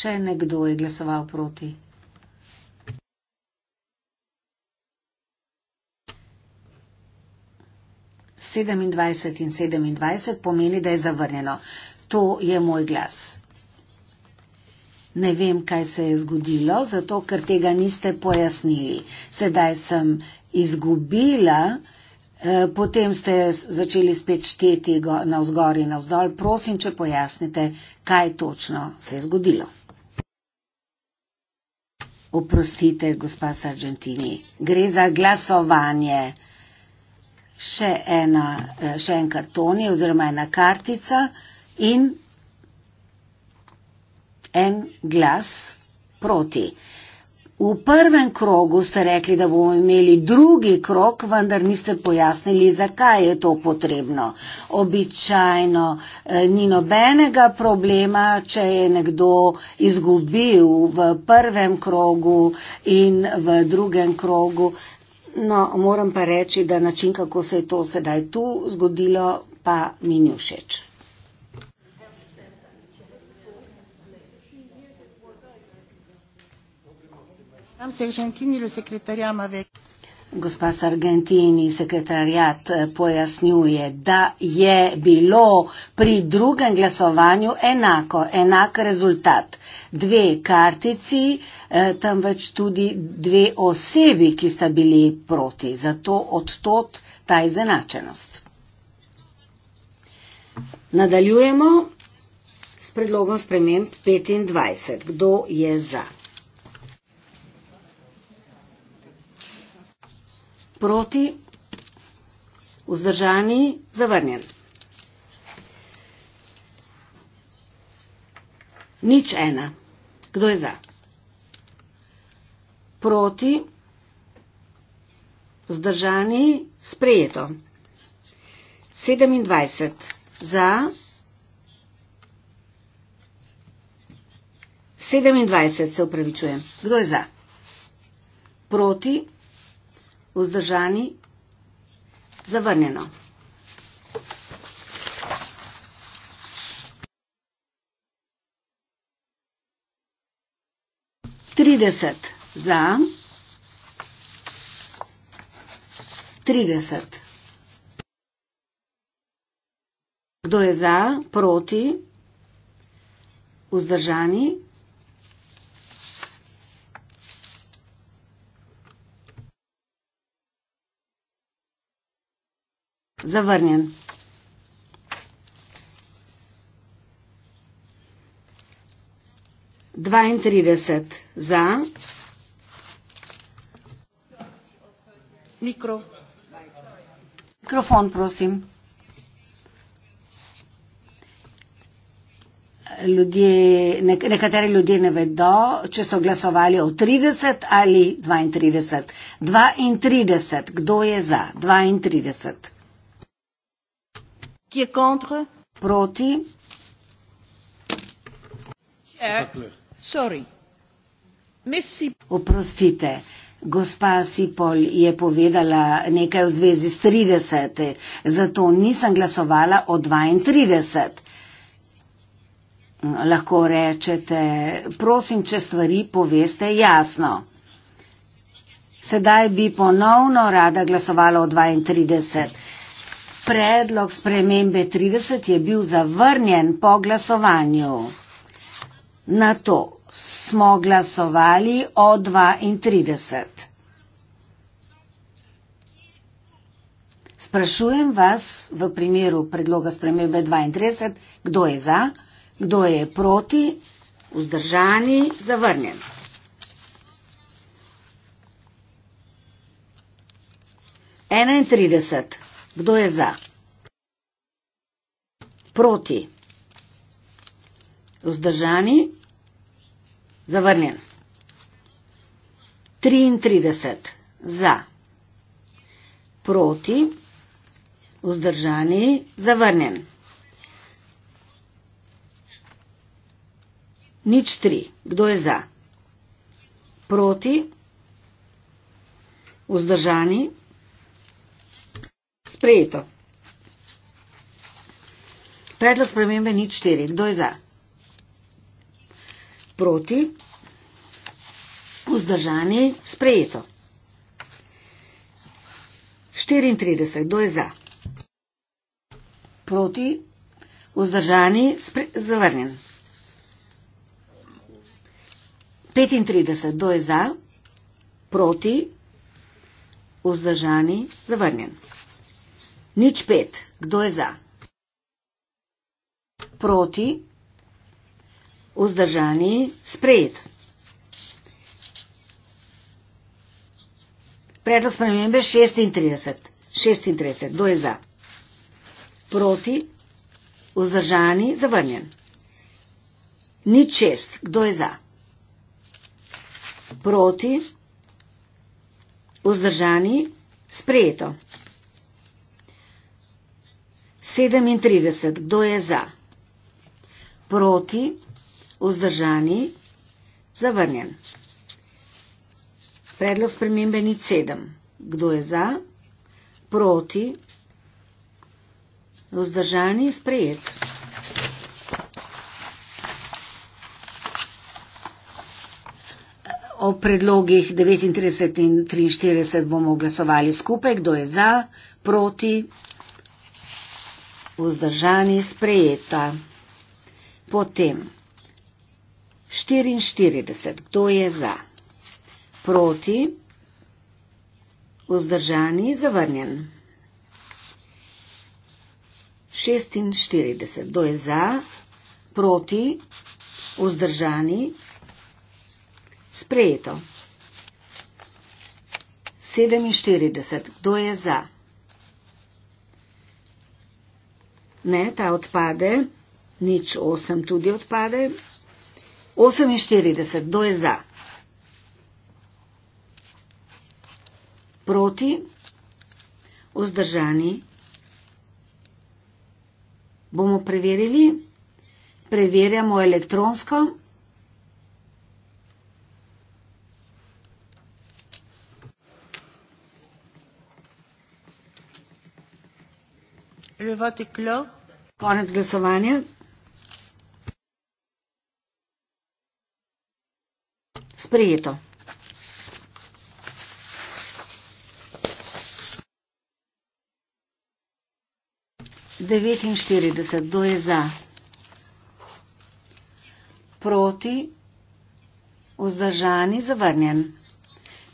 še nekdo je glasoval proti. Sedemindvajset in sedemindvajset pomeni, da je zavrnjeno. To je moj glas. Ne vem, kaj se je zgodilo, zato ker tega niste pojasnili. Sedaj sem izgubila, eh, potem ste začeli spet šteti go, na vzgor in na vzdolj. Prosim, če pojasnite, kaj točno se je zgodilo. Oprostite, gospa Sargentini, gre za glasovanje. Še, ena, eh, še en karton je oziroma ena kartica in en glas proti. V prvem krogu ste rekli, da bomo imeli drugi krog, vendar niste pojasnili, zakaj je to potrebno. Običajno eh, ni nobenega problema, če je nekdo izgubil v prvem krogu in v drugem krogu. No, moram pa reči, da način, kako se je to sedaj tu zgodilo, pa mi ni všeč. Gospa Sargentini, sekretarjat eh, pojasnjuje, da je bilo pri drugem glasovanju enako, enak rezultat. Dve kartici, eh, tam več tudi dve osebi, ki sta bili proti. Zato odtot ta izenačenost. Nadaljujemo s predlogom sprememb 25. Kdo je za? proti, vzdržani, zavrnjen. Nič ena. Kdo je za? Proti, vzdržani, sprejeto. 27 za. 27 se upravičujem. Kdo je za? Proti vzdržani, zavrnjeno. Trideset za, trideset. Kdo je za, proti, vzdržani, zavrnjeno. Zavrnjen. Dvaintrideset za. Mikro. Mikrofon, prosim. Ljudje, nek, nekateri ljudje ne vedo, če so glasovali o 30 ali 32. 32. Kdo je za? 32. Qui est contre? Proti. Chair. Sorry. Missy. Oprostite. Gospa Sipol je povedala nekaj v zvezi s 30, zato nisem glasovala o 32. Lahko rečete, prosim, če stvari poveste jasno. Sedaj bi ponovno rada glasovala o 32 predlog spremembe 30 je bil zavrnjen po glasovanju. Na to smo glasovali o 32. Sprašujem vas v primeru predloga spremembe 32, kdo je za, kdo je proti, vzdržani, zavrnjen. Enaintrideset. Kdo je za? Proti. Vzdržani. Zavrnjen. 33. Za. Proti. Vzdržani. Zavrnjen. Nič tri. Kdo je za? Proti. Vzdržani. Vzdržani sprejeto. Predlog spremembe ni štiri. Kdo je za? Proti. Vzdržani. Sprejeto. 34. Kdo je za? Proti. Vzdržani. Spre, zavrnjen. 35. Kdo je za? Proti. Vzdržani. Zavrnjen. Nič pet. Kdo je za? Proti. Vzdržani. Sprejet. Predlog spremembe 36. 36. Kdo je za? Proti. Vzdržani. Zavrnjen. Nič šest. Kdo je za? Proti. Vzdržani. Sprejeto. 37. Kdo je za? Proti, vzdržani, zavrnjen. Predlog spremembe ni 7. Kdo je za? Proti, vzdržani, sprejet. O predlogih 39 in 43 bomo glasovali skupaj. Kdo je za? Proti, vzdržani sprejeta. Potem 44. Kdo je za? Proti? Vzdržani zavrnjen. 46. Kdo je za? Proti? Vzdržani sprejeto. 47. Kdo je za? Proti? Ne, ta odpade, nič 8 tudi odpade. 48, kdo je za? Proti, vzdržani. Bomo preverili, preverjamo elektronsko. nadaljevati klo. Konec glasovanja. Sprejeto. Devetinštirideset. Kdo je za? Proti? Vzdržani? Zavrnjen.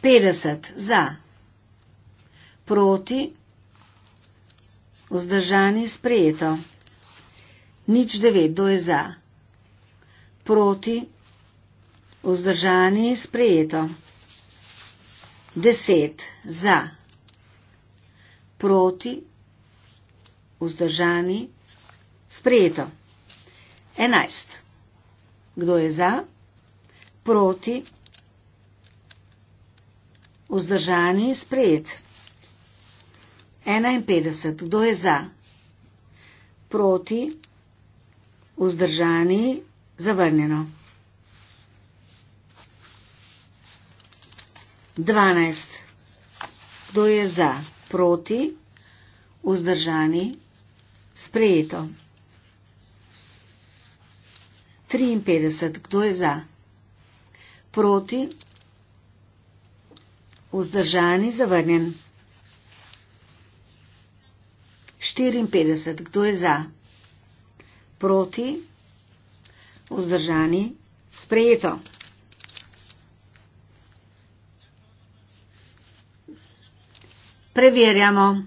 Petdeset. Za? Proti? Vzdržani sprejeto. Nič devet, do je za. Proti. Vzdržani sprejeto. Deset, za. Proti. Vzdržani sprejeto. Enajst. Kdo je za? Proti. Vzdržani sprejeto. 51. Kdo je za? Proti? Vzdržani? Zavrnjeno. 12. Kdo je za? Proti? Vzdržani? Sprejeto. 53. Kdo je za? Proti? Vzdržani? Zavrnjen. 54. Kdo je za? Proti? Vzdržani? Sprejeto. Preverjamo.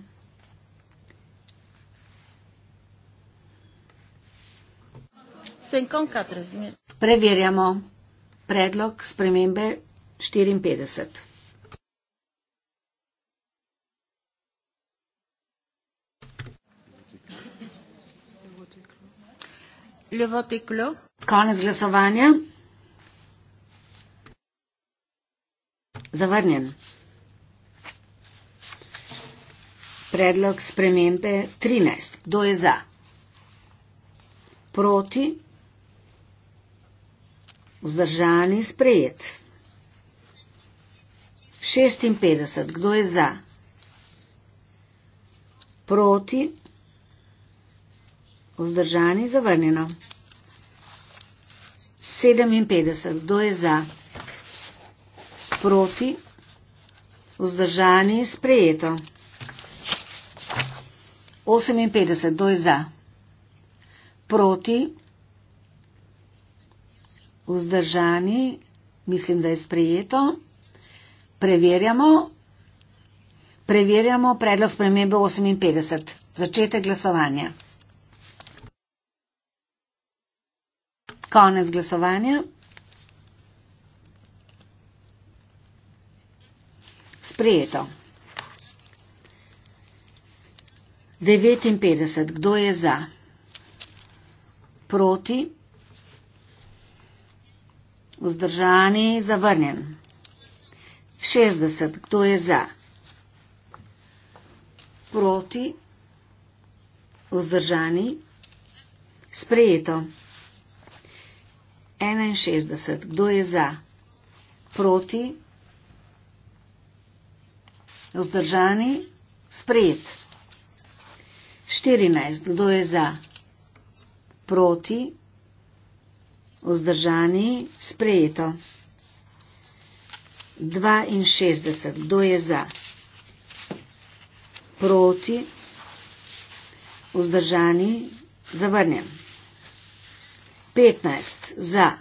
Preverjamo predlog spremembe 54. Levote klo. Konec glasovanja. Zavrnjen. Predlog spremembe 13. Kdo je za? Proti? Vzdržani sprejet. 56. Kdo je za? Proti? Vzdržani zavrnjeno. 57. Kdo je za? Proti. Vzdržani sprejeto. 58. Kdo je za? Proti. Vzdržani. Mislim, da je sprejeto. Preverjamo. Preverjamo predlog spremembe 58. Začetek glasovanja. Konec glasovanja. Sprejeto. 59. Kdo je za? Proti? Vzdržani? Zavrnjen. 60. Kdo je za? Proti? Vzdržani? Sprejeto. 61. Kdo je za? Proti? Vzdržani? Sprejet. 14. Kdo je za? Proti? Vzdržani? Sprejeto. 62. Kdo je za? Proti? Vzdržani? Zavrnjen. 15 za,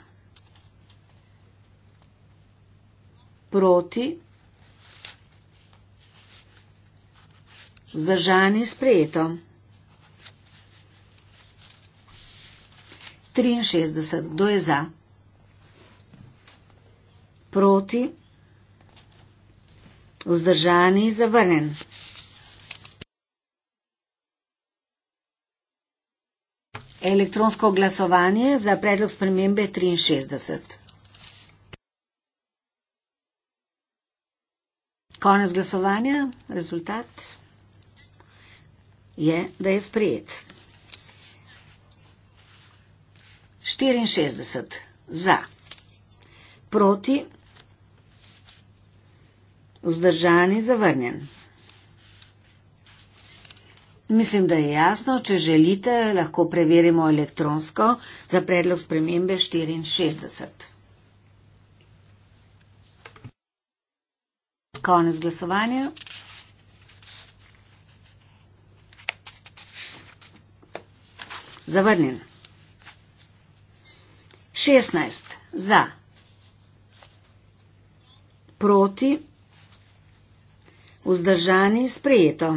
proti, vzdržani sprejeto, 63, kdo je za, proti, vzdržani zavrnen. Elektronsko glasovanje za predlog spremembe 63. Konec glasovanja, rezultat je, da je sprejet. 64 za, proti, vzdržani, zavrnjen. Mislim, da je jasno, če želite, lahko preverimo elektronsko za predlog spremembe 64. Konec glasovanja. Zavrnjen. 16 za. Proti. Vzdržani sprejeto.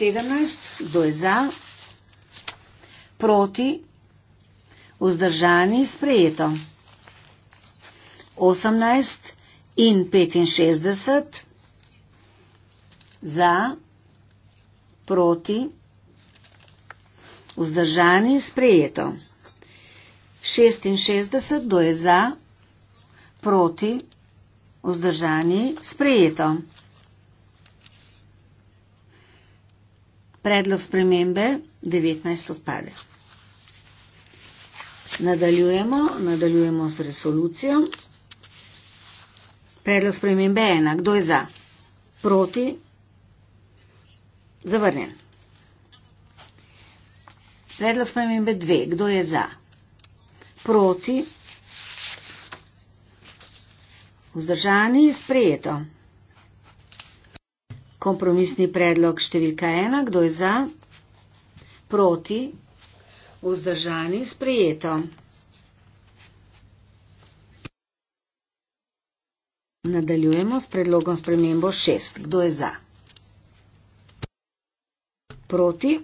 17, kdo je za, proti, vzdržani, sprejeto. 18 in 65, za, proti, vzdržani, sprejeto. 66, kdo je za, proti, vzdržani, sprejeto. predlog spremembe 19 odpade. Nadaljujemo, nadaljujemo s resolucijo. Predlog spremembe je enak. Kdo je za? Proti? Zavrnjen. Predlog spremembe 2. Kdo je za? Proti? Vzdržani? Sprejeto. Kompromisni predlog številka ena, kdo je za, proti, vzdržani, sprejeto. Nadaljujemo s predlogom spremembo šest, kdo je za, proti,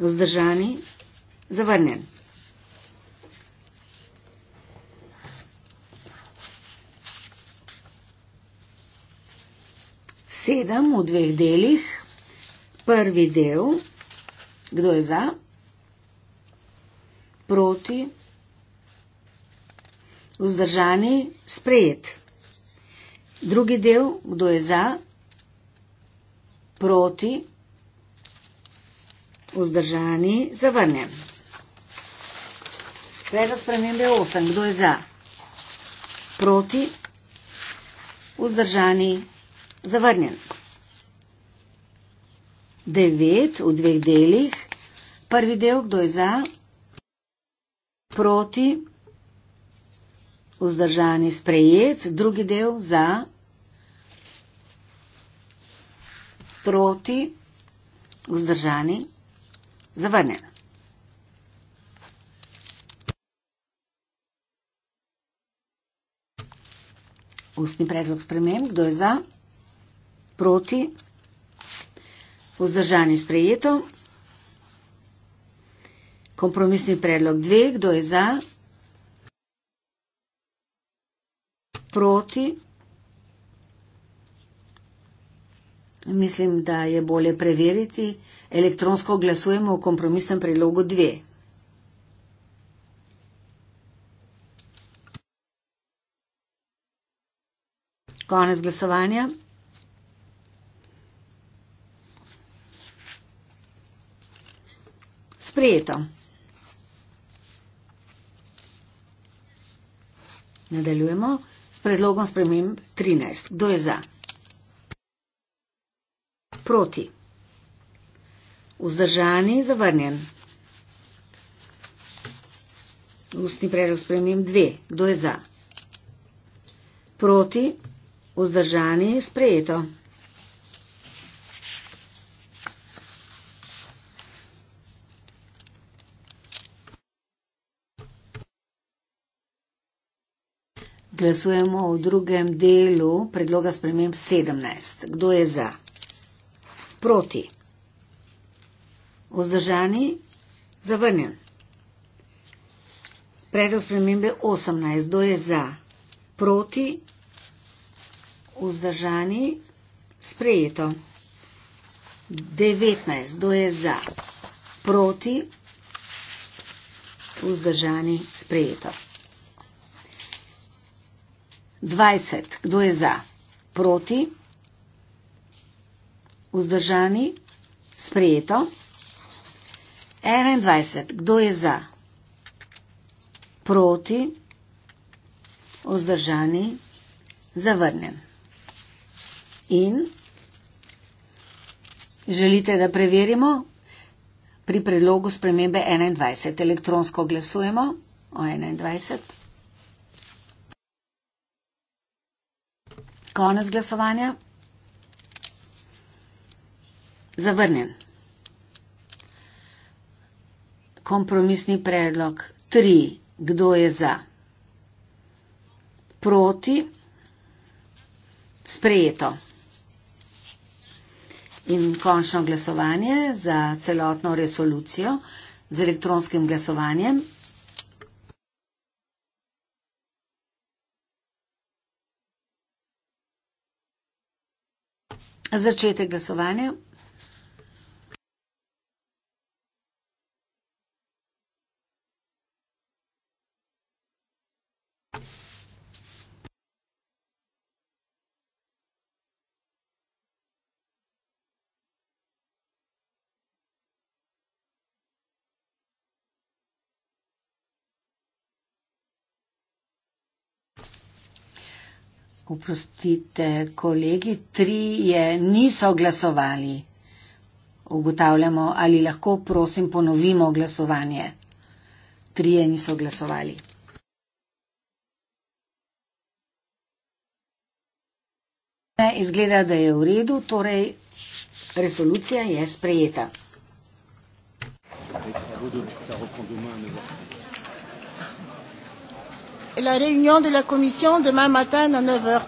vzdržani, zavrnen. sedem v dveh delih. Prvi del, kdo je za, proti, vzdržani, sprejet. Drugi del, kdo je za, proti, vzdržani, zavrnjen. Predlog spremembe 8. Kdo je za? Proti. Vzdržani zavrnjen. Devet v dveh delih. Prvi del, kdo je za, proti, vzdržani sprejet, drugi del za, proti, vzdržani zavrnjen. Ustni predlog spremem, kdo je za? proti, vzdržani sprejeto. Kompromisni predlog dve, kdo je za, proti. Mislim, da je bolje preveriti. Elektronsko glasujemo o kompromisnem predlogu dve. Konec glasovanja. sprejeto. Nadaljujemo s predlogom spremenim 13. Kdo je za? Proti. Vzdržani, zavrnjen. Ustni predlog spremenim 2. Kdo je za? Proti. Vzdržani, sprejeto. Proti. Glasujemo v drugem delu predloga sprememb 17. Kdo je za? Proti. Vzdržani? Zavrnjen. Predlog spremembe 18. Kdo je za? Proti. Vzdržani? Sprejeto. 19. Kdo je za? Proti. Vzdržani? Sprejeto. 20. Kdo je za? Proti? Vzdržani? Sprijeto? 21. Kdo je za? Proti? Vzdržani? Zavrnjen. In? Želite, da preverimo? Pri predlogu spremembe 21. Elektronsko glasujemo o 21. Konec glasovanja. Zavrnjen. Kompromisni predlog. Tri. Kdo je za? Proti. Sprejeto. In končno glasovanje za celotno resolucijo z elektronskim glasovanjem. začetek glasovanja. Uprostite, kolegi, trije niso glasovali. Ugotavljamo, ali lahko, prosim, ponovimo glasovanje. Trije niso glasovali. Ne, izgleda, da je v redu, torej resolucija je sprejeta. Hvala la réunion de la commission demain matin à 9h.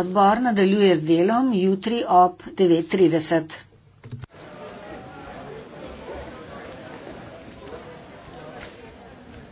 Odbor nadaljuje z delom jutri ob 9.30.